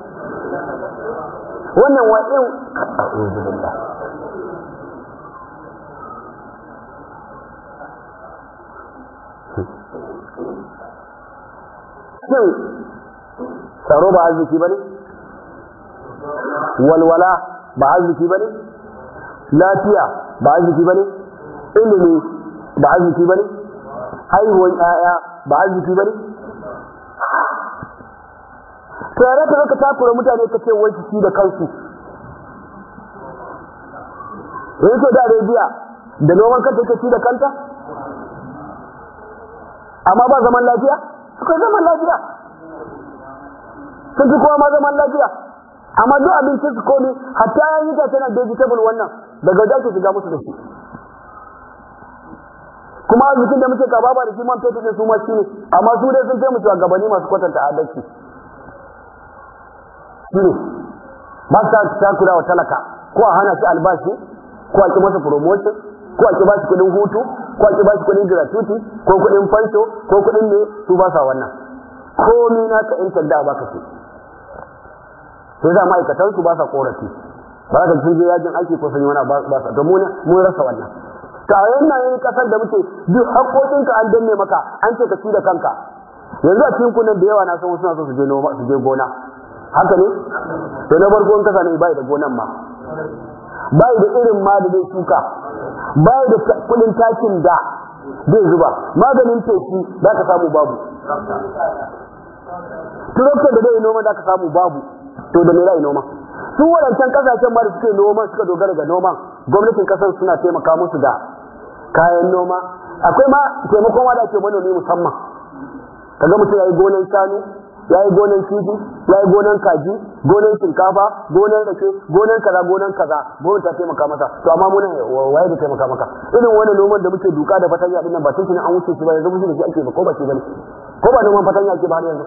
wannan wa'in a'udhu billah shin tsaro ba arziki ba ne walwala ba arziki ba ne lafiya ba arziki ba ne ilimi ba arziki ba ne haihuwan 'ya'ya ba arziki ba ne tare ta ka takura mutane ka ce wai shi da kansu yanzu da arabiya da noman kanta ka ci da kanta amma ba zaman lafiya Kai zaman lafiya sun fi kowa ma zaman lafiya amma duk abinci su komi hatta yan yi tana vegetable wannan daga za su shiga musu da shi kuma arzikin da muke kaba ba da shi man fetur su ma shi ne amma su dai sun taimaka gabani masu kwatanta adalci shine ba sa takura wa talaka ko a hana shi albashi ko a ke masa promotion ko a ke ba shi hutu ko a ke ba shi kudin gratuity ko kudin fanto, ko kudin ne su ba sa wannan ni naka in tadda ba ka ce sai za ma'aikatan su ba sa korafi ba za ka sun je yajin aiki ko sun wani ba sa to mun rasa wannan ka yana yin kasar da muke duk ka an danne maka an ce ka ci da kanka yanzu a cikin kunan da yawa na san wasu na so su je gona haka ne to na farko in ka same bai da gonan ma bai da irin ma da zai shuka bai da kudin takin da zai zuba maganin feshi za ka samu babu turokta da zai noma za ka samu babu to da mai za noma su wadancan kasashen ma da suke noma suka dogara ga noman gwamnatin kasar suna taimaka musu da kayan noma akwai ma taimakon wada ke manomi musamman kaga mutum ya yi gonan shanu ya yi gonan kifi ya yi gonan kaji gonan shinkafa gonan rake gonan kaza gonan kaza gonan ta taimaka masa to amma muna waye da taimaka maka irin wannan noman da muke duka da fatanya din nan ba tun an wuce shi ba yanzu mushi da shi ake ba ko ba shi bane ko ba noman fatanya ake ba har yanzu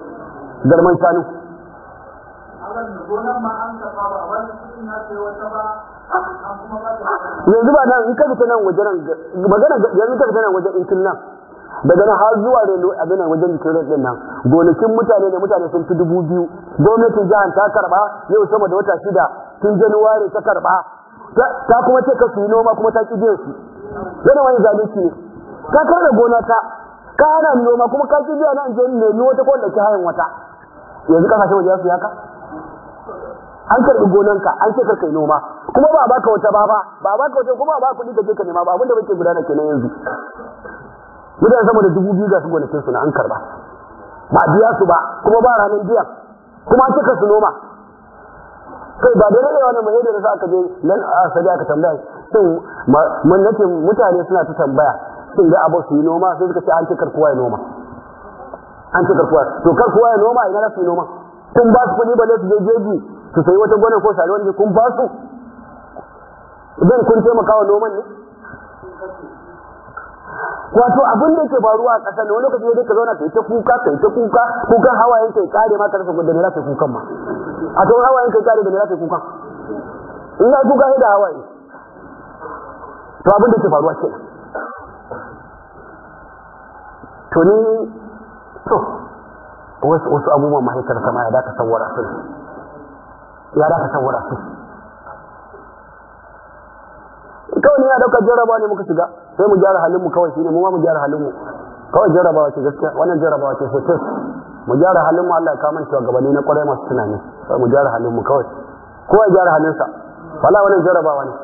garman shanu yanzu ba nan in ka fita nan wajen magana yanzu ka fita nan wajen in nan daga nan har zuwa relo a nan wajen jikin rel nan gonakin mutane da mutane sun fi dubu biyu gwamnatin jihar ta karba yau sama da wata shida tun januwari ta karba ta kuma ce ka su yi noma kuma ta ki biyan su yana wani zalunci ne ka kada gona ta ka hana ni noma kuma ka ki biya nan je ne wata ko ki hayan wata yanzu ka waje ya su yaka an karɓi gonanka an ce karka yi noma kuma ba a baka wata ba ba ba baka wata kuma ba a kuɗi ka je ka nema ba abinda muke gudana kenan yanzu gidan sama da dubu biyu ga su gonakin su na an karba ba biya su ba kuma ba ranar biya. kuma an cika su noma kai ba dole ne wani mai da za aka je nan a sadi aka tambaya shin mannatin mutane suna ta tambaya sun ga abu su yi noma sai suka ce an ce karkuwa ya noma an ce karkuwa to karkuwa ya noma ina su yi noma kun ba su kuɗi ba ne su je jeji su sayi wata gona ko sari wani kun ba su idan kun taimaka wa noman ne wato abin da yake faruwa a ƙasar wani lokaci yadda ka zauna kai ta kuka kai ta kuka kukan hawayen kai kare ma karfe da me za ka kukan ma a to hawayen kai kare da me za ka kukan in ya kuka sai da hawaye to abin da yake faruwa na to ni to wasu abubuwan mahaifar sama ya da ka sawara su ya da ka sawara su kawai ne ya dauka jarabawa ne muka shiga sai mu gyara halin mu kawai shine mu ma mu gyara halin mu kawai jarabawa ce gaskiya wannan jarabawa ce sosai mu gyara halin mu Allah ya kawo gabanin na kwarai masu tunani sai mu gyara halin mu kawai kowa ya gyara halinsa wala wannan jarabawa ne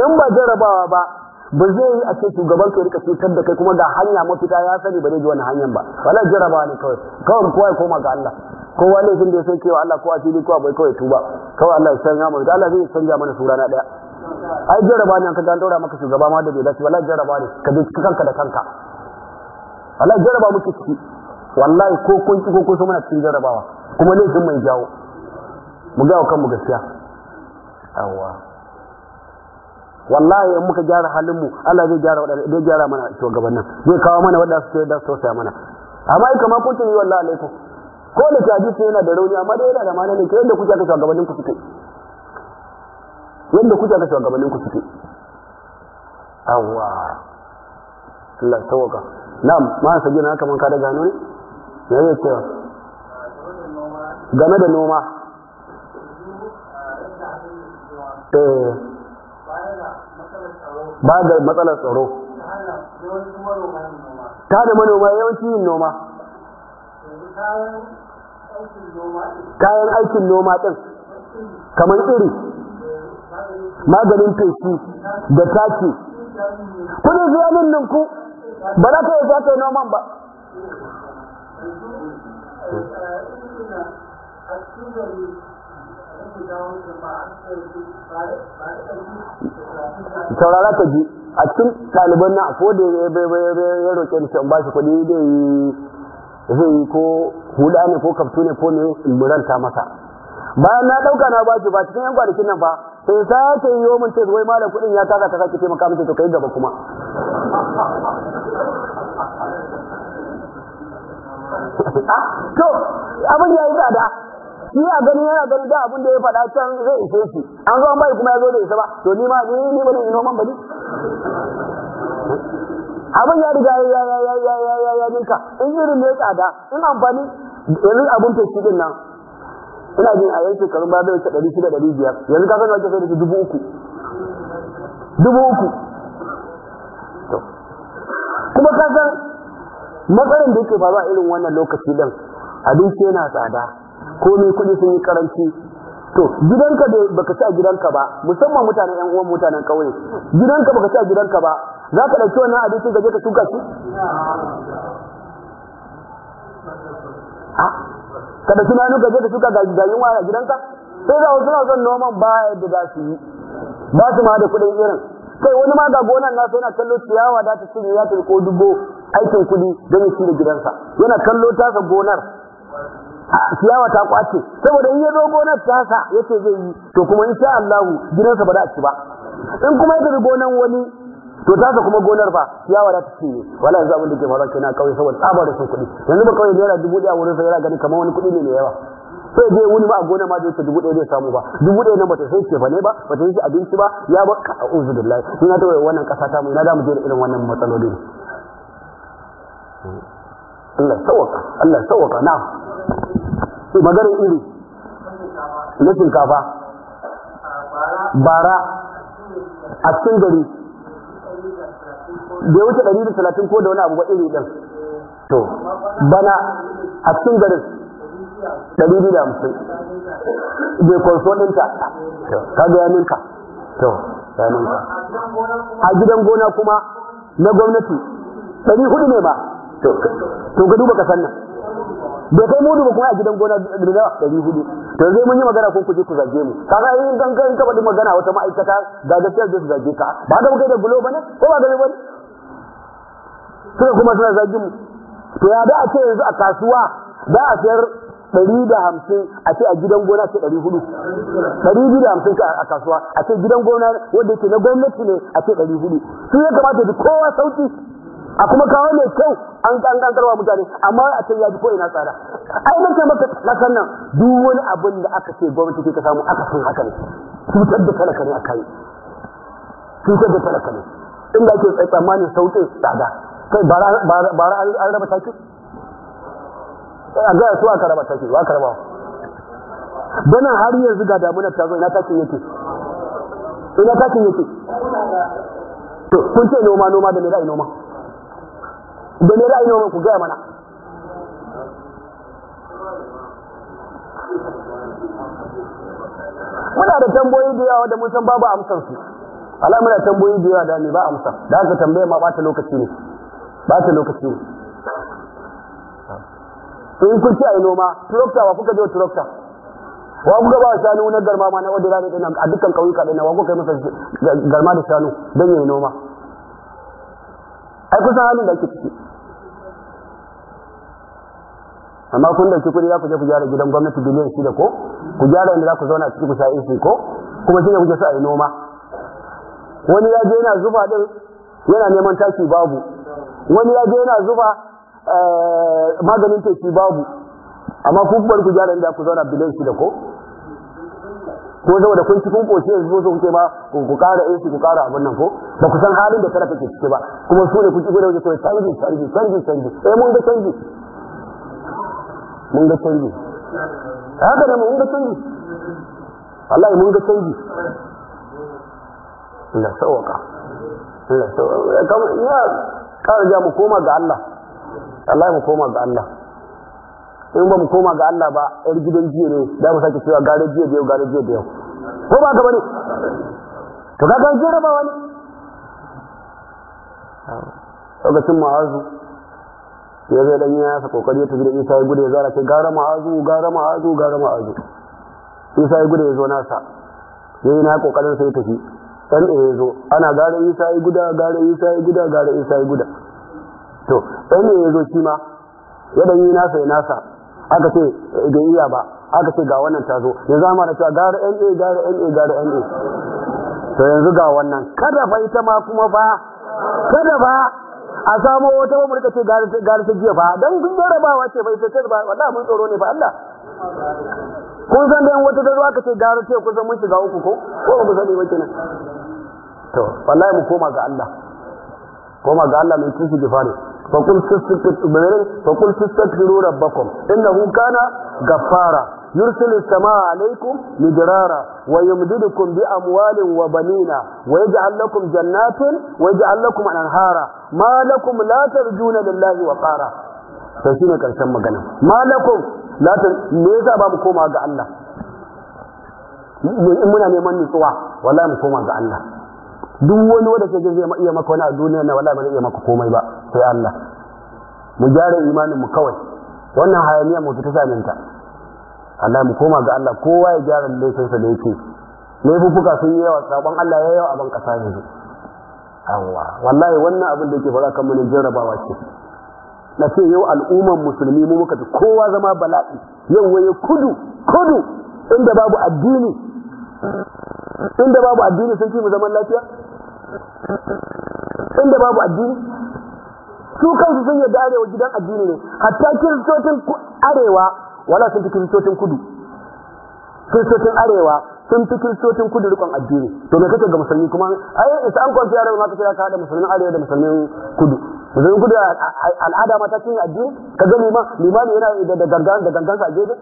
in ba jarabawa ba ba zai yi a ce shugaban ka rika cutar da kai kuma ga hanya mafita ya sani ba zai ji wani hanyar ba wala jarabawa ne kawai kawai kowa ya koma ga Allah kowa laifin da ya san cewa Allah kowa fili kowa bai kawai tuba kawai Allah ya sanya ya da Allah zai sanya mana sura na daya ai jaraba ne ka daura maka shugaba ma da bai dace wallahi jaraba ne ka bi kanka da kanka wallahi jaraba muke ciki wallahi ko kun ci ko kun so muna cikin jarrabawa kuma laifin mai jawo mu ga kanmu gaskiya yawa wallahi in muka gyara halin mu Allah zai gyara wadanda zai gyara mana gaban nan zai kawo mana wadanda su da su saya mana amma ai kamar kun tuni wallahi alaikum ko da sai yana da rauni amma dai yana da malami kai da kuke ka shugabannin ku suke yadda kuke ga shugabannin ku suke awa Allah tawaka na ma sabi na kaman ka da gano ne me yake cewa game da noma eh. ba da matsalar tsaro ta da manoma yawanci yin noma kayan aikin noma din kamar iri maganin feshi da taki kudin zuwa min ku ba za ka yi za ka yi noman ba saurara ka ji a cikin ɗaliban na ko da ya roƙe ni can bashi kuɗi da yi zai yi ko hula ne ko kaftu ne ko ne in muranta masa bayan na ɗauka na bashi ba cikin yan kwanakin nan ba sai ce yi mun ce zuwai malam kuɗin ya taka ta sake taimaka mace to kai gaba kuma ah, to abin ya yi tsada shi a gani yana gani da abin da ya faɗa can zai ishe shi an zo an bai kuma ya zo da isa ba to ni ma ni ni ba ni noman ba ni abin ya riga ya ya ya ya ya ya ya in irin ya tsada in amfani ya abin ya ya ya nan ina jin a yan shekarun ba da wuce ɗari shida ɗari biyar yanzu ka sani wace sai da su dubu uku dubu uku kuma ka san matsalar da yake a irin wannan lokaci ɗin abinci yana tsada ko mai kuɗi sun yi karanci to gidanka da baka ci a gidanka ba musamman mutanen yan uwan mutanen ƙauye. gidanka baka ci a gidanka ba za ka ɗauki wannan abincin ka je ka shuka shi ah. ka da tunanu ka je ka shuka ga ga yunwa a gidanka sai da wasu na son noman ba yadda za su yi ba su ma da kuɗin irin Sai wani ma ga gonan nasu yana kallo ciyawa da ta cinye ya ko dubo aikin kuɗi don shi da gidansa yana kallo tasa gonar ciyawa ta kwace saboda in ya zo gonar tasa yace zai yi to kuma in insha Allah gidansa ba za a ci ba in kuma ya tafi gonan wani to ta ka kuma gonar fa ya wada ta cinye wala yanzu abin da ke faruwa kenan kawai saboda tsabar da sun kuɗi yanzu ba kawai naira dubu ɗaya wurin sa yana gani kamar wani kuɗi ne mai yawa sai je wuni ma a gona ma zai ce dubu ɗaya zai samu ba dubu ɗaya nan ta sai ce ne ba ba ta yi abinci ba ya ba ka uzu billahi ina ta wannan ƙasa ta mu ina da mu je irin wannan matsalolin Allah sauwaka Allah sauwaka na maganar iri na shinkafa bara a cikin gari bai wuce ɗari da talatin ko da wani abu ba iri ɗin to bana a cikin garin ɗari biyu da hamsin bai kwanso ɗinta ka ga yaninka to yaninka a gidan gona kuma na gwamnati ɗari hudu ne ba to ka duba kasan nan bai kai mudu ba kuma a gidan gona da dawa ɗari hudu to zai mun yi magana kun kuje ku zage mu kaga in kan kan ka faɗi magana wata ma'aikata ga gaskiyar da su zage ka ba ga kai da ba bane ko ba da bane sai kuma suna zagin to ya da a ce yanzu a kasuwa da a sayar ɗari da hamsin a ce a gidan gona ce ɗari hudu ɗari biyu da hamsin a kasuwa a ce gidan gona wanda yake na gwamnati ne a ce ɗari hudu su ya kamata da kowa sauki a kuma kawo mai kyau an kankantarwa mutane amma a ce ya ji ko ina tsada ai nan ce maka kasan nan duk wani abin da aka ce gwamnati ke ka samu aka sun haka ne cutar da talaka ne a kai cutar da talaka ne inda ake tsammanin sauƙin tsada kai bara an raba taki a gaya su aka raba taki ba karba bana har yanzu ga damunar ta zo ina takin yake ina takin yake to kun ce noma noma da me ra'ayi noma da me ra'ayi noma ku gaya mana muna da tamboyi da yawa da mun san babu amsar su alamuna tamboyi da yawa da ne ba amsa da haka tambayar ma ta lokaci ne ba ta lokaci in kun ci a yi noma tractor wa kuka je tractor wa kuka ba shanu na garma ma na odira ne a dukkan kauyuka ɗin wa kuka yi masa garma da shanu don yi noma ai kusan halin da ake ciki amma kun da kuɗi za ku je ku gyara gidan gwamnati biliyan shida ko ku gyara inda za ku zauna ciki ku sha AC ko kuma shi ne kuke so a yi noma wani ya je yana zufa din yana neman taki babu wani ya je yana zuba eh, maganin teki babu amma kuma bar ku gyara inda ku zauna bilan shi da ko ko zama da kun ci kun koce yanzu zo kuke ma ku kara AC ku kara abin nan ko ba ku san halin da tara kake ciki ba kuma su ne kuke gode waje kawai canji canji canji canji sai eh, mun ga canji mun ga canji haka ne mun ga canji wallahi mun ga canji Allah sauka Allah sauka ya kawai ja mu koma ga Allah Allah mu koma ga Allah in ba mu koma ga Allah ba yar gidan jiya ne da mu sake cewa gare jiya da yau gare jiya da yau ko ba ka bane to ga kan ba wani? lokacin ma'azu ya zai dan yasa kokari ya tafi da Isa ya gudu ya zara ce gara ma'azu gara ma'azu gara ma'azu Isa ya gudu ya zo nasa yayi na kokarin sai tafi dan da ya zo ana gare isa ya guda gare isa ya guda gare isa ya guda to dan da ya zo shi ma ya dan yi nasa ya nasa aka ce ga eh, iya ba aka ce ga wannan ta zo yanzu amma da cewa gare na gara na gara na to yanzu ga wannan kada fa ita ma kuma ba kada ba a samo wata ba rika ce gare ta jiya ba dan kun jarabawa ce bai ta ba wallahi mun tsoro ne ba Allah kun san da yan wata ta zo aka ce gara ce kusan mun shiga uku ko ko ba ku sani ba kenan to wallahi mu koma ga Allah koma ga Allah mai kishi gifari فقل فقل تستغفروا ربكم انه كان غفارا يرسل السماء عليكم مدرارا ويمددكم باموال وبنين ويجعل لكم جنات ويجعل لكم انهارا ما لكم لا ترجون wa وقارا to shine karshen magana malakum la ta me yasa ba mu koma ga Allah muna neman nutsuwa wallahi mu koma ga Allah duk wani wanda kake zai iya maka wani a duniya na wala ba iya maka komai ba sai Allah mu gyara imanin mu kawai wannan hayaniya mu fita samin ta Allah mu koma ga Allah kowa ya gyara laifinsa da yake laifuffuka sun yi yawa sabon Allah ya yawa a ban kasa yanzu Allah wallahi wannan abin da yake fara kan jarrabawa ce na ce yau al'umman musulmi mu muka kowa zama bala'i yau waye kudu kudu inda babu addini inda babu addini sun ce mu zaman lafiya inda babu addini su kansu sun yadda arewa gidan addini ne hatta kiristocin arewa wala sun fi kiristocin kudu kiristocin arewa sun fi kiristocin kudu rikon addini to me kake ga musulmi kuma ai isa an kwanci arewa ma kake ka hada musulmin arewa da musulmin kudu musulmin kudu al'ada ma ta cinye addini ka ga liman limani yana da gangan da gangansa a gefe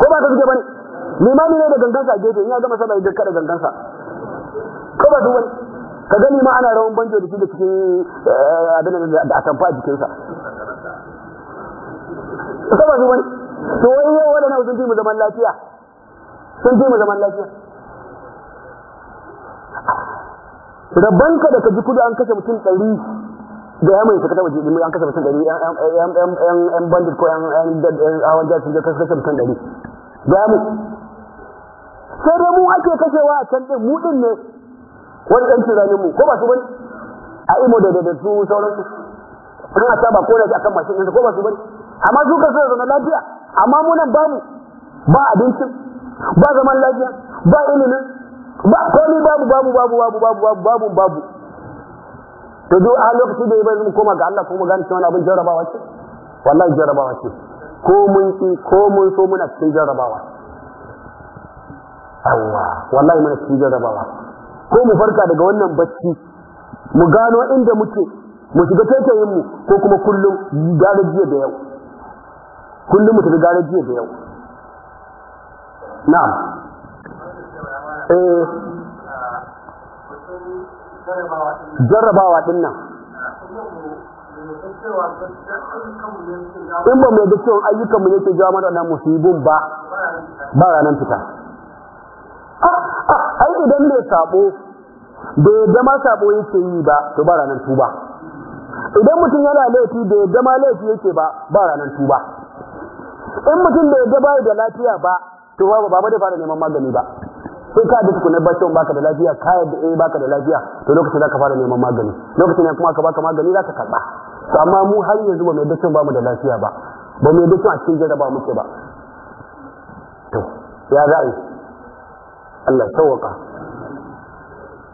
ko ba ka suke bane limani ne da gangansa a gefe in ya gama sallah ya kada gangansa ko ba duk ka gani ma ana rawan banjo da da cikin eh, abin da atamfa a jikinsa saba zuwa ne to wai yau waɗannan sun fi mu zaman lafiya sun fi mu zaman lafiya rabanka da ka ji kudu an kashe mutum ɗari da ya mai sakata waje an kashe mutum ɗari yan bandit ko yan hawan jasi da kashe mutum ɗari da ya mu sai dai mu ake kashewa a can ɗin mu ɗin ne wani ɗan tunanin mu ko ba su bane a imo da da su sauransu sun a saba ko da akan mashin ɗinsa ko ba su bane amma su ka suna zama lafiya amma munan ba mu ba abincin ba zaman lafiya ba ilimin ba komai babu babu babu babu babu babu babu babu to duk a lokaci da ya bai mu koma ga Allah kuma gani cewa abin jarrabawa ce wallahi jarrabawa ce ko mun ki ko mun so muna cikin jarrabawa Allah wallahi muna cikin jarrabawa ko mu farka daga wannan bacci mu gano inda muke mu shiga taitayin mu ko kuma kullum gara jiya da yau kullum mu shiga gara jiya da yau na'am eh jarrabawa din nan in ba mai da cewa ayyukan mu yake jawo mana nan musibin ba ba ranar fita idan mai sabo bai yadda ma sabo yake yi ba to ba ranar tuba idan mutum yana laifi bai yadda ma laifi yake ba ba ranar tuba in mutum bai yadda bai da lafiya ba to ba ba da fara neman magani ba sai ka duk kunan bacci baka da lafiya ka yadda eh baka da lafiya to lokacin za ka fara neman magani lokacin ne kuma ka baka magani za ka karba to amma mu har yanzu ba mai yadda ba mu da lafiya ba ba mai yadda a cikin jarraba muke ba to ya za'a Allah sauwaka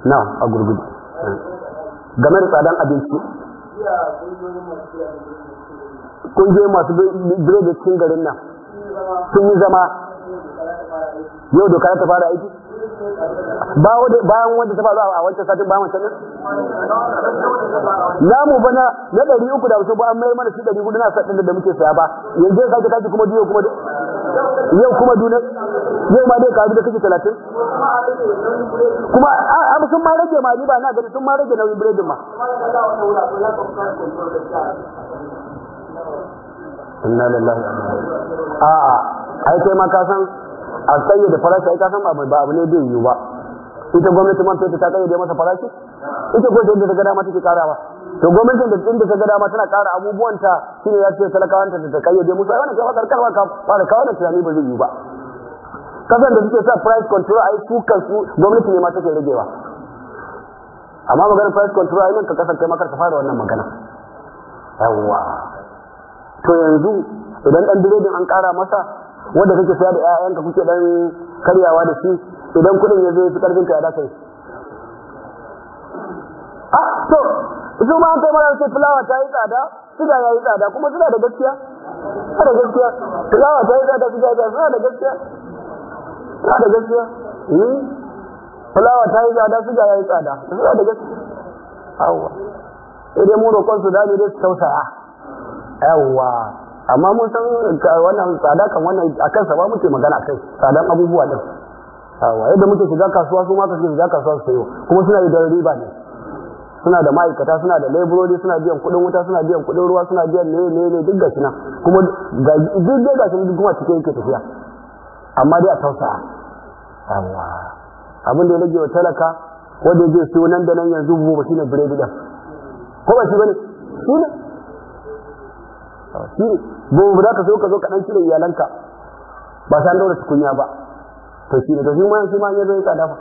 na a gurgudu game da tsadan abinci kungiyoyi masu biredi cikin garin nan sun yi zama yau doka ta fara aiki bayan wanda ta faru a wancan satin bayan wancan nan namu ba na ɗari uku da wasu ba an mayar mana shi ɗari hudu na satin da muke saya ba yanzu ya sake kuma duniya kuma yau kuma duna yau ma dai karu da kake talatin kuma a sun ma rage ma ba na gani sun ma rage nauyin biredin ma inna lillahi a'a ai kai ma ka san a kayyade farashi ai ka san ba abu ne bai yiwu ba ita gwamnati man fetur ta kayyade masa farashi ita ko da ta ga dama take karawa to gwamnati da inda ta ga dama tana kara abubuwan abubuwanta shine ya ce talakawanta da ta kayyade musu ai wannan kai fakar karwa ka fara kawo da tunani ba zai yiwu ba kasan da suke sa price control ai su kansu gwamnati ne ma take ragewa amma maganar price control ai ka kasance makar ka fara wannan magana yawwa to yanzu idan dan direbin an kara masa wanda kake saya da ƴaƴanka kuke dan karyawa da shi idan kudin ya zo fi karfin ka ya dace ah to su ma kai mara sai fulawa ta yi tsada suga ya yi tsada kuma suna da gaskiya suna da gaskiya fulawa ta yi tsada suga ya suna da gaskiya suna da gaskiya hmm? fulawa ta yi tsada suga ya yi tsada suna da gaskiya awwa Idan dai mu roƙon su dami dai su tausaya yawwa amma mun san wannan tsada kan wannan kan sa ba muke magana kai tsadan abubuwa din yawa yadda muke shiga kasuwa su ma ka shiga kasuwa su sayo kuma suna yi riba ne suna da ma'aikata suna da laborori suna biyan kuɗin wuta suna biyan kuɗin ruwa suna biyan ne ne ne duk gashi nan kuma duk dai gashi duk kuma cikin yake tafiya amma dai a tausaya yawa abin da ya rage wa talaka wanda ya je siyo nan da nan yanzu bubu shine biredi din ko ba shi bane shine shi ne gobe za ka so ka zo kaɗan cire iyalanka ba san daura tukunya ba to shi ne to shi ma shi ma ya zo ka dafa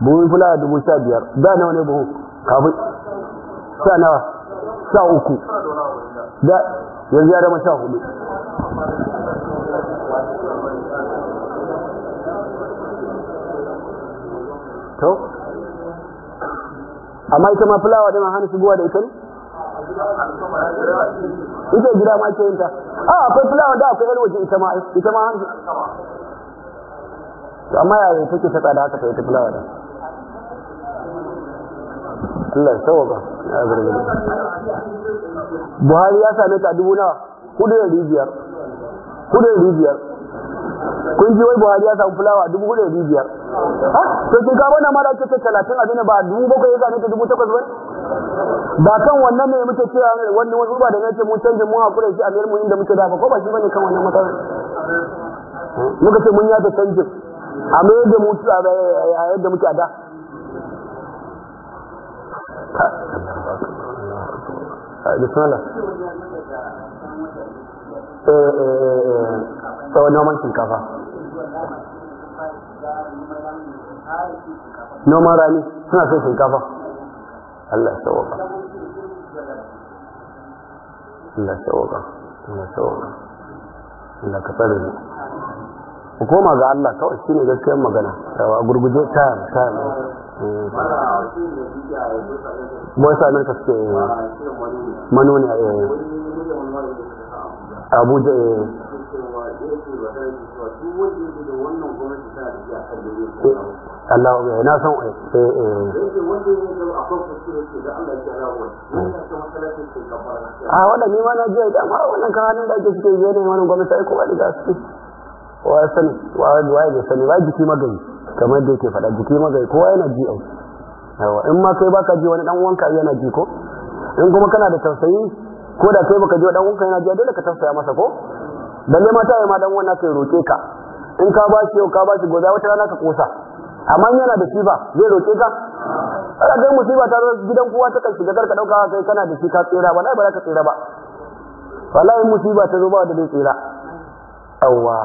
buhun fulawa dubu sha biyar da nawa ne buhu kafin sha nawa sha uku da yanzu ya dama sha hudu to amma ita ma fulawa da ma hana shigowa da ita ne ita gida ma ke yin ta a akwai fulawa da akwai yan waje ita ma ita ma hanzu amma yaya take ta tsada haka ta ita fulawa da Allah ya sauwaka ya zargi Buhari ya same ta dubu nawa hudu da biyar hudu da rijiyar kun ji wai Buhari ya samu fulawa dubu hudu da biyar ha to kin ka bana mara da kike talatin abin ba dubu bakwai ya same ta dubu takwas ba ba kan wannan ne muke cewa ne wani wasu ba da nake mun canje mu hakura shi a mai mu inda muke da ko ba shi bane kan wannan matsalar muka ce mun ya da canje a mai da mu a yadda muke a da eh, eh, eh, tsawon noman shinkafa noman rani suna son shinkafa Allah ya sauwa Allah Allah Allah ka tsare mu ku koma ga Allah kawai shine gaskiyar magana yawa gurguje ta ta ka a yi abuja yi eh. Allah ya na san eh eh, eh. a ah, wanda ni ma na je da ma wannan karatun da ake cike yana wannan gwamnati ai kowa da gaske. wa sani wa wa ya sani wa jiki magani kamar da yake faɗa jiki magani kowa yana ji ai yawa in ma kai baka ji wani dan wanka yana ji ko in kuma kana da tausayi ko da kai baka ji dan wanka yana ji dole ka tausaya masa ko balle mata ya ma dan wannan sai roke ka in ka ba shi yau ka ba shi gobe wata rana ka kosa amma yana da shi ba zai roƙe ka kada ga musiba ta zo gidan kowa ta kai shiga karka dauka kai kana da shi ka tsira wallahi ba za ka tsira ba wallahi musiba ta zo ba da zai tsira awwa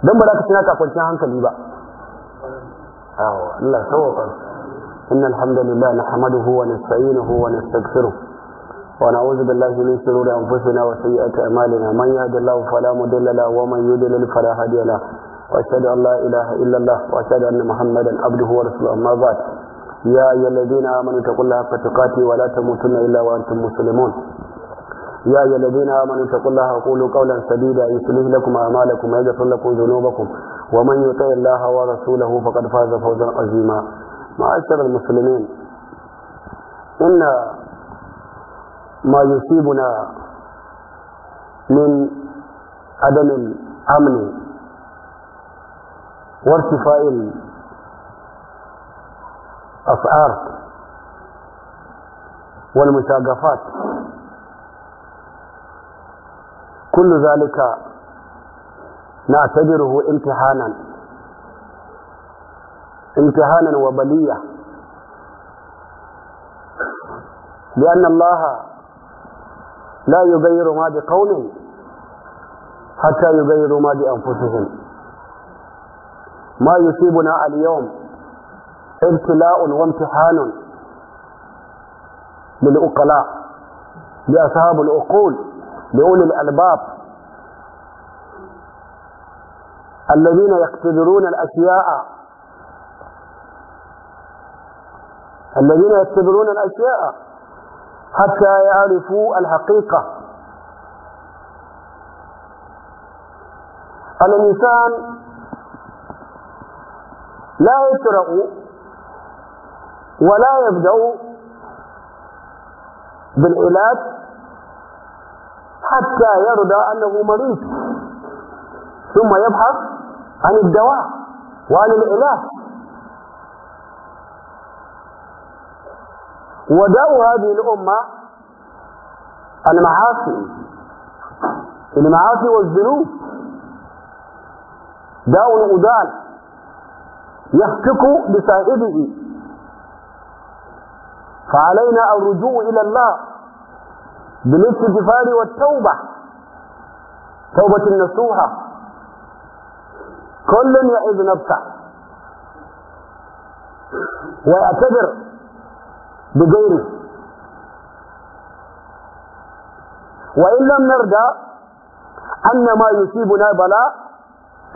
dan ba za ka tsira ka kwanci hankali ba awwa Allah sauka إن nahmaduhu wa nasta'inuhu wa nastaghfiruh ونعوذ بالله من شرور أنفسنا وسيئات أعمالنا من يهد الله فلا مضل له ومن يضلل فلا هادي له وأشهد أن لا إله إلا الله وأشهد أن محمدا عبده ورسوله أما بعد يا أيها الذين آمنوا اتقوا الله حق تقاته ولا تموتن إلا وأنتم مسلمون يا أيها الذين آمنوا اتقوا الله وقولوا قولا سديدا يصلح لكم أعمالكم ويغفر لكم ذنوبكم ومن يطع الله ورسوله فقد فاز فوزا عظيما معاشر المسلمين إن ما يصيبنا من عدم الأمن وارتفاع الأسعار والمساقفات كل ذلك نعتبره امتحانا امتحانا وبليه لأن الله لا يغير ما بقول حتى يغيروا ما بأنفسهم ما يصيبنا اليوم ابتلاء وامتحان للعقلاء لأصحاب العقول لأولي الألباب الذين يقتدرون الأشياء الذين يقتدرون الأشياء حتى يعرفوا الحقيقة أن الإنسان لا يسرع ولا يبدأ بالعلاج حتى يرضى أنه مريض ثم يبحث عن الدواء وعن العلاج وداء هذه الأمة المعاصي المعاصي والذنوب داء الأدال يفتك بصاحبه فعلينا الرجوع إلى الله بالاستغفار والتوبة توبة النصوحة كل يعيد نفسه ويعتذر بغيره وإن لم نرجع أن ما يصيبنا بلاء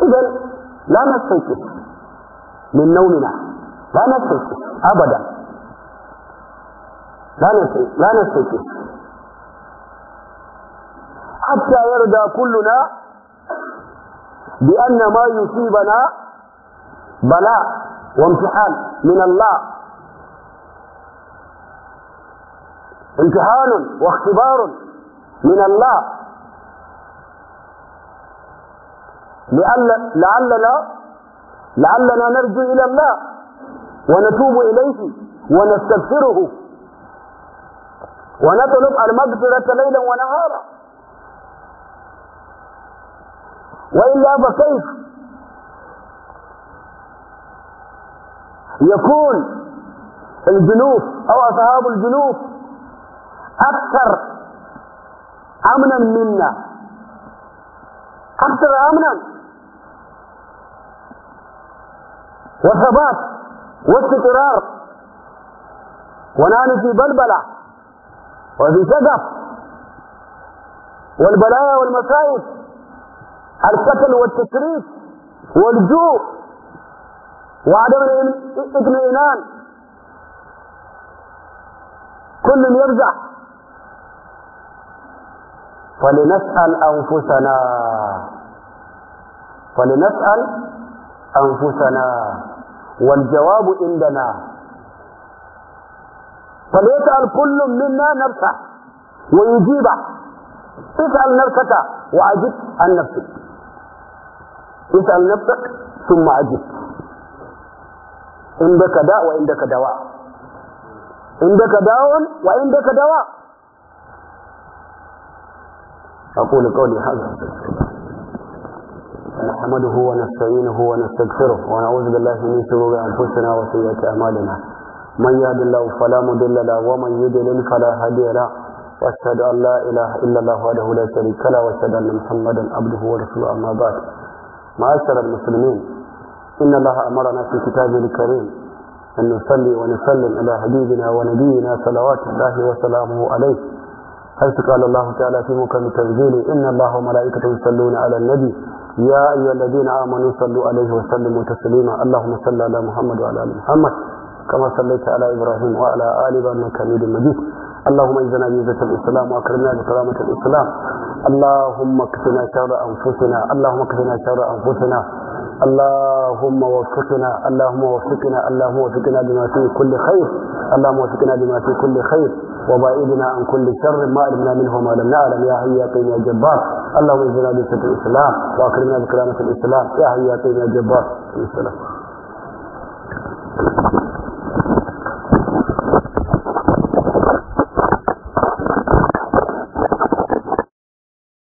إذا لا نستيقظ من نومنا لا نستيقظ أبدا لا نستيقظ حتى يرجى كلنا بأن ما يصيبنا بلاء وامتحان من الله امتحان واختبار من الله لعل لعلنا لعلنا نرجو إلى الله ونتوب إليه ونستغفره ونطلب المغفرة ليلا ونهارا وإلا فكيف يكون الجنوب أو أصحاب الجنوب أكثر أمنا منا أكثر أمنا وثبات واستقرار ونحن في بلبلة وفي شغف والبلايا والمصائب القتل والتكريس والجوع وعدم الاطمئنان كل يرجع فلنسأل أنفسنا فلنسأل أنفسنا والجواب عندنا فليسأل كل منا نفسه ويجيبه اسأل نفسك وأجب عن نفسك اسأل نفسك ثم أجب عندك داء وعندك دواء عندك داء وعندك دواء أقول قولي هذا نحمده ونستعينه ونستغفره ونعوذ بالله من شرور أنفسنا وسيئات أعمالنا من يهد الله فلا مضل له ومن يضلل فلا هادي له وأشهد أن لا إله إلا الله وحده لا شريك له وأشهد أن محمدا عبده ورسوله أما بعد معاشر المسلمين إن الله أمرنا في كتابه الكريم أن نصلي ونسلم على حبيبنا ونبينا صلوات الله وسلامه عليه حيث قال الله تعالى في مكان تنزيله إن الله وملائكته يصلون على النبي يا أيها الذين آمنوا صلوا عليه وسلموا تسليما اللهم صل على محمد وعلى آل محمد كما صليت على إبراهيم وعلى آل إبراهيم إنك حميد مجيد اللهم اجزنا بيزة الإسلام وأكرمنا بكرامة الإسلام اللهم اكفنا شر أنفسنا اللهم اكفنا شر أنفسنا اللهم وفقنا اللهم وفقنا اللهم وفقنا لما فيه كل خير اللهم وفقنا لما فيه كل خير وبعيدنا عن كل شر ما علمنا منه وما لم نعلم يا حي يا قيوم يا جبار اللهم اجعلنا بسد الاسلام واكرمنا بكرامه الاسلام يا حي يا قيوم يا جبار السلام